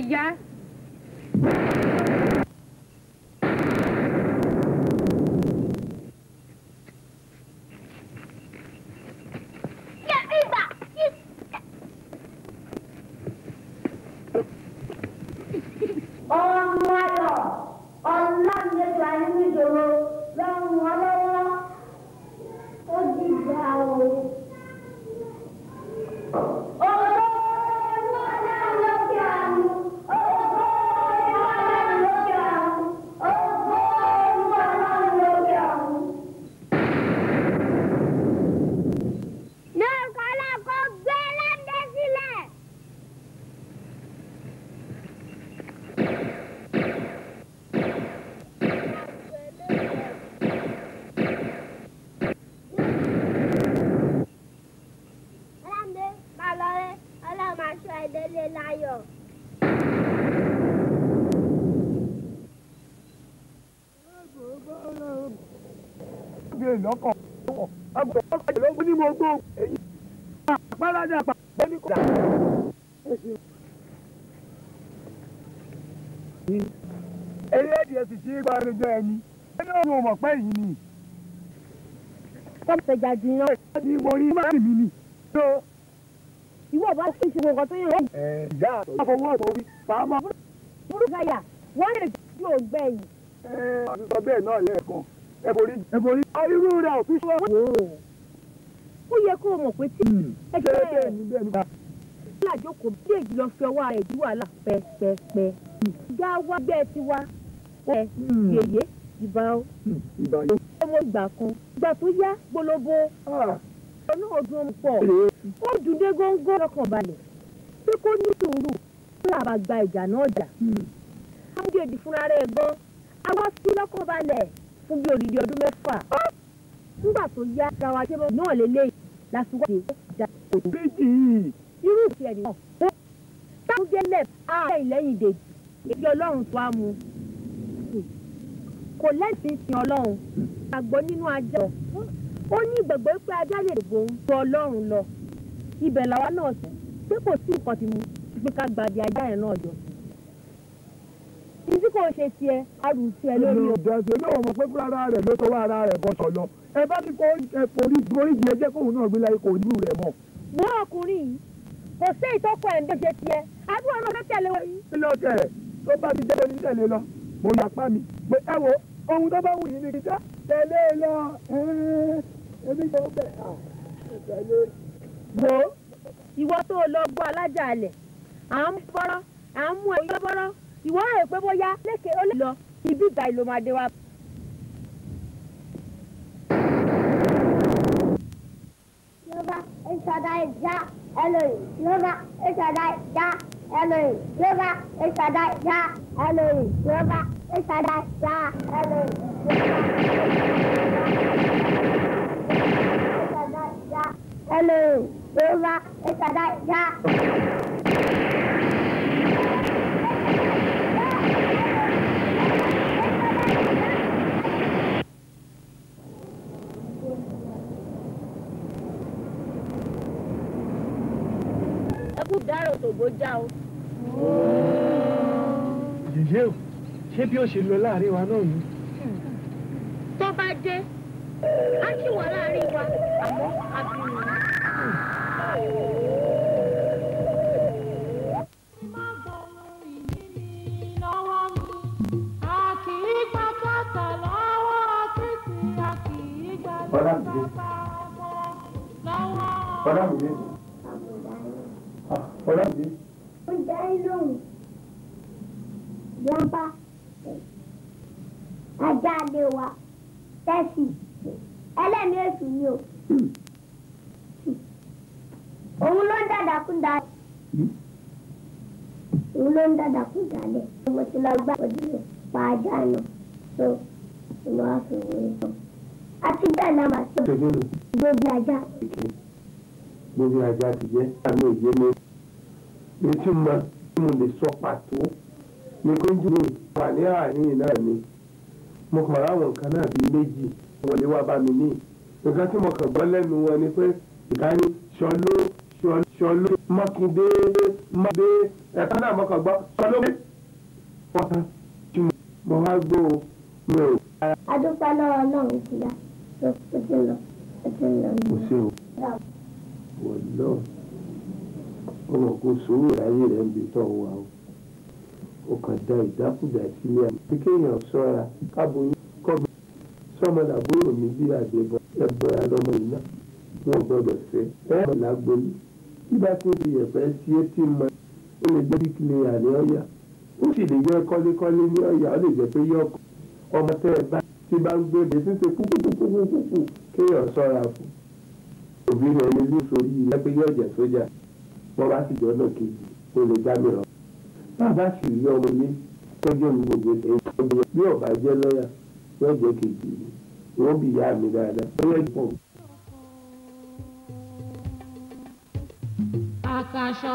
yeah, dá pàpọ̀ ní kọ́dà. eléèdì èsì sí ipa gbẹgbẹ ẹni ẹni òun ò mọ̀ yìí ni. tọ́pù tẹ̀jà jù yan. ọdún ìwọ orí máa mi ni. ìwọ bá sì ṣe nǹkan tó yẹ. ẹ ìyá àtọ̀ fọwọ́ ọ̀tọ̀ wí pàmò. burúkaya wọ́n lè ju ògbẹ yìí. ẹ sọ bẹ́ẹ̀ náà lẹ́ẹ̀kan ẹ borí. ẹ borí. irú rẹ̀ ò fi ṣọ́ yẹ kó o mọ̀ pé tí hmm. ẹ ṣe bẹ́ẹ̀ ní àjókòó méjèèjì lọ fi ọwọ́ rẹ̀ dí wàhálà pẹ́ẹ́pẹ́ẹ́pẹ́ já wá gbẹ́ ti wá ó ẹ hmm. yèyé ìbá hmm, ó ọmọ ìgbà kan ìgbà tó yá gbólóbó ah. ọ̀rọ̀ náà dùn pọ̀ ó dùn dé góńgó lọ́kàn balẹ̀ pé kó ní sùúrù kó làbà gba ìjà náà jà amúgbèdì fúnra rẹ̀ gan àwọn sí lọ́kàn balẹ̀ fún bí odidi ọdún mẹ́fà nígbà tó yá gawa jẹ́bọ̀ náà lélẹ́yìí láti wá ìdíwọ́ ìjà òdì. méjì yìí. irú ìṣe ẹ̀dínwó bẹ́ẹ̀ táwọn jẹ́lẹ̀ ààrẹ ìlẹ́yìn dèjì èyí ọlọ́run tó á mu. kò lẹ́sìn sin ọlọ́run gbàgbọ́ nínú ajá ọ̀ ó ní ìgbàgbọ́ pé ajá lè dìbò ń tọ ọlọ́run lọ ibẹ̀ làwa náà sí pé kò sí nǹkan ti mú pé ká gbàdí ajá yẹn náà jọ ibi ṣe tiẹ̀ arùn tiẹ̀ lórí o. ìdájọ́ náà mọ̀ pé fúnra rẹ̀ ló tọwọ́ ara rẹ̀ bọ́sọ̀ lọ ẹ bá ní kó forí forí di ẹjẹ kóun náà gbé láyé kò ní rẹ mọ. bú ọkùnrin yìí kò sí ìtọ́kọ ẹ̀ ń dèjé tiẹ̀ àbúrò náà fẹ́ tẹ̀lé wọn. ilé ọtẹ rẹ tó bá ti jẹ́wọ́ ní tẹ̀lé lọ mo là pa mi pé ẹ wo ohun tó bá wù yín ní kíkà tẹ̀lé lọ ẹbí yóò bẹ̀ tẹ̀lé. wo ìwọ tó lọ gbọ́ alájà alẹ̀ à ń bọ́rọ́ à ń mú ẹ̀yọ́ bọ́rọ́ ìwọ rẹ̀ pé bóyá lékè ó lè lọ ibi ìgbà ìlòmọ̀dé wa. Jehová El Hello. Jah Elohim. Jehová El Shaddai Hello. Elohim. Jehová El Shaddai Jah Hello. Jehová El Shaddai Jah Elohim. Hello, Jehovah El Shaddai Jah. o. yèyé o ṣé bí ó ṣe lọ láàrin wa náà ni. tó bá dé á sì wà láàrin wa àmọ́ àbìrìn. Bọ́lá mi. Bọ́lá mi. àbúrò máa dáná tó ìmọ̀ àfihàn ìtọ́. a ti bẹ́ẹ̀ náà máa tó gbogbo ajá. gbogbo ajá ti jẹ́ àmì òye mi. etí ma tí mo lè sọ pàtó ni kóńjú mi wà ní àárín náà ni mo kàn ráwọn nǹkan náà bíi méjì wọn lè wá bá mi ní. nǹkan tí mo kàn gbọ́ lẹ́nu wọn ni pé ìkànnì ṣọló ṣọló mákindé mákindé ẹ̀ka náà mo kàn gbọ́ ṣọló pé wọ́n tán mo wá gbó o mi ò. adúpẹ́ lọ́wọ́ ọlọ́run ti yá ó ti lọ ó ti lọ. o ṣe o wọ náà ọmọ kò sówó láyé rẹ ń bi tọ́ wa o ó kàn da ìdákùdà sílẹ̀ àmọ́ pé kéèyàn ṣọ́ra káàbóyún kọ́bi sọ́mọdà bóyò mi bí àdébọ̀ ẹ̀bọ̀ra lọ́mọ yìí náà wọn gbọ́dọ̀ fẹ́ ẹ̀rọ làgbóyún bí bá tó di ẹ̀fẹ́ sí etí mọ́ ó lè jẹ́ bí kìlẹ̀ ó sì lè jẹ́ kọ́lékọ́lé ní ọ̀yà ó lè jẹ́ pé yọ ọmọ tẹ́ ẹ bá ti bá ń gbébè ṣíṣe kúkúkúkúkú kéèyàn sọ́ra fún òbí rẹ̀ lè ní sórí ilé pé yóò jẹ́ sójà wọ́n bá sì jọ náà kejì ó lè já mìíràn bàbá sì rí ọmọ mi tọ́jú mi gbogbo ẹ̀yìn bí ọ̀bá jẹ́ lọ́yà yóò jẹ́ kejì wọ́n bí ìyá mi dáadáa ó yẹ pọ̀. àkàṣọ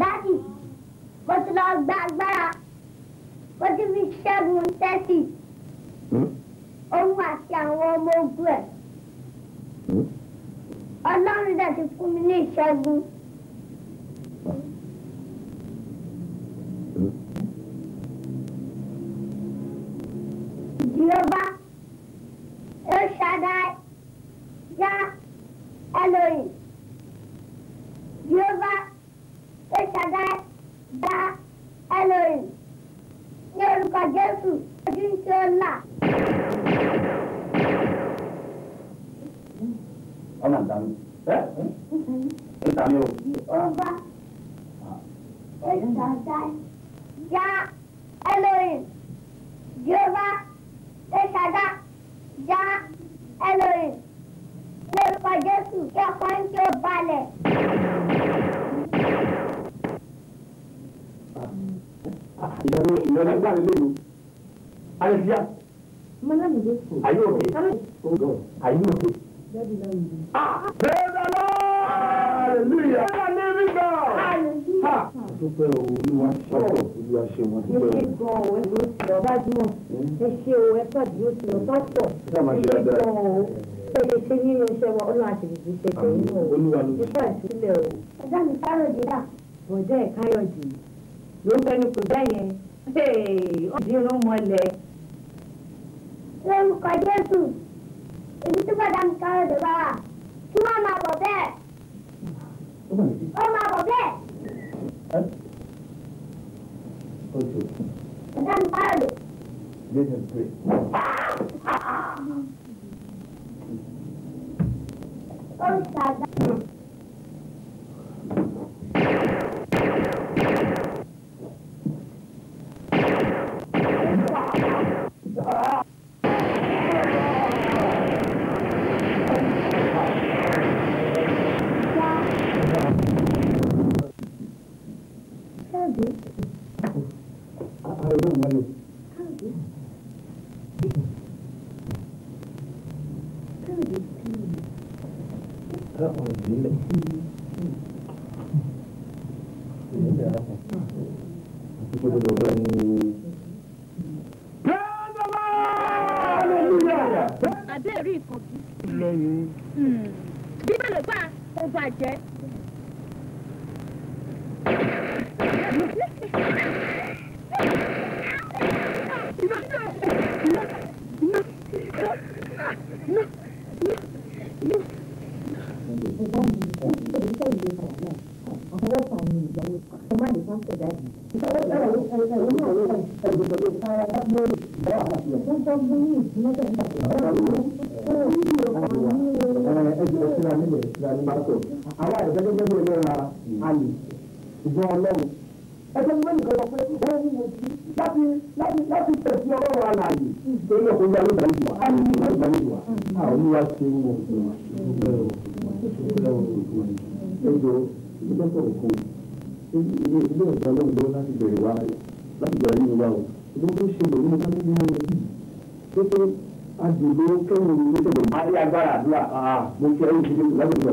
dádì mo ti lọ gba agbára mo ti fi ṣẹ́gun tẹ́sì òun àti àwọn ọmọ ogun ẹ̀ ọlọ́run dẹ̀ ti fún mi ní ìṣẹ́gun. ẹjọ ìdókòwò òkú ilé ilé ọ̀gá lọ́dọ̀ láti bẹ̀rẹ̀ wá láti bẹ̀rẹ̀ yìí wá o ìgbọ́n tó ṣe lòun ní káfíńtì náà lọ sí pé pé adùnlé kẹ́hìn ní sọ̀rọ̀ bá rí agbára àdúrà ah, mo kẹ́ ẹ́ ìdílé lábẹ́ ìjọ.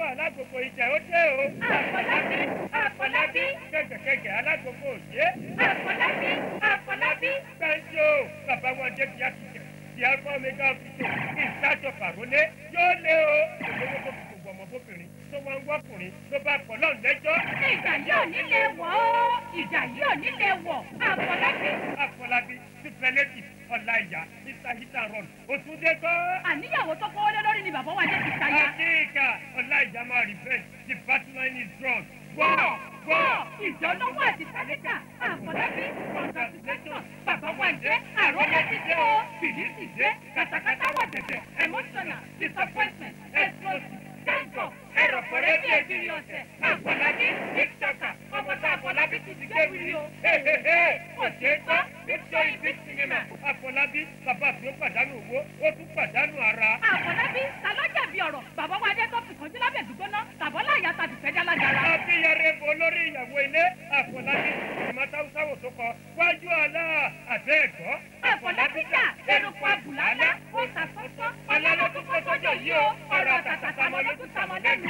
bọ̀ alágbogbo ìjà ó dé o. àpọ̀lábí àpọ̀lábí. kẹ̀kẹ̀kẹ̀kẹ̀ alágbogbo òjé. àpọ̀lábí àpọ̀lábí. pẹ́ńtò bàbá wọn dé bíi àtijọ́ bíi akọ́mẹ́gà fìdí kí n sájọ pàrọ́lé yóò lé o. olówó tó fi gbogbo ọmọbóbìnrin tó wá ń wọ́kùnrin ló bá pọ̀ lọ́n lẹ́jọ́. ìjà yóò nílé wọ̀ ọ́ ìjà yóò nílé wọ̀ àpọ̀lábí. àpọ̀lábí ọ̀la ìyá mr hita run òtún dé gbọ́. àníyàwó tó kọ́wọ́ lé lórí ni bàbá wa jẹ́ ti ta yá. àdéhìká ọ̀la ìyá máa revenge the batman is strong. gbọ́ gbọ́ ìjọlọ́wọ́ àti sáníkà àfọlábí congratulation bàbá wa jẹ́ àròlé dídé o fìdí dídé kàtàkàtà wà tẹ̀tẹ̀ emotional disappointment explosive danger ẹ̀rọ fọ̀rẹ́ bí ẹbí rí ọ̀sẹ̀ àfọ̀lábí bíkítọ̀kà ọmọ tá àfọ̀lábí tún ti gbé wuli o. kò sí é gbọ́ picture in big cinema. àfọ̀lábí bàbá mi ó pàdánù owó ó tún pàdánù ara. àfọ̀lábí sàlọ́jà bí ọ̀rọ̀ bàbá wa dé tọ́pù kan jílábẹ̀ dùgbọ́ná tàbọ́lá ìyá tàbí fẹ́jà lágara. àbíyẹrẹ bo lórí ìyàwó ilé àfọ̀lábí ìmọ̀ta húsáwò tó kọ wájú àlá àbẹ́ ẹ̀gbọ́. àfọ̀lábí dà ẹnukọ àbùlálá ó sàfọ́fọ́ ọlọ́lọ́tún kọ́tọ́jọ yìí ó ọ̀rọ̀ àtàtàtàmọ́ ló tún sàmọ́ lẹ́nu.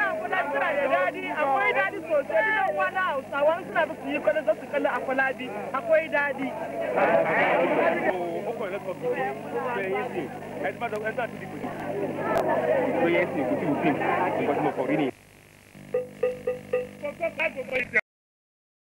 ɗauke ni nan wani hausawa Thank you.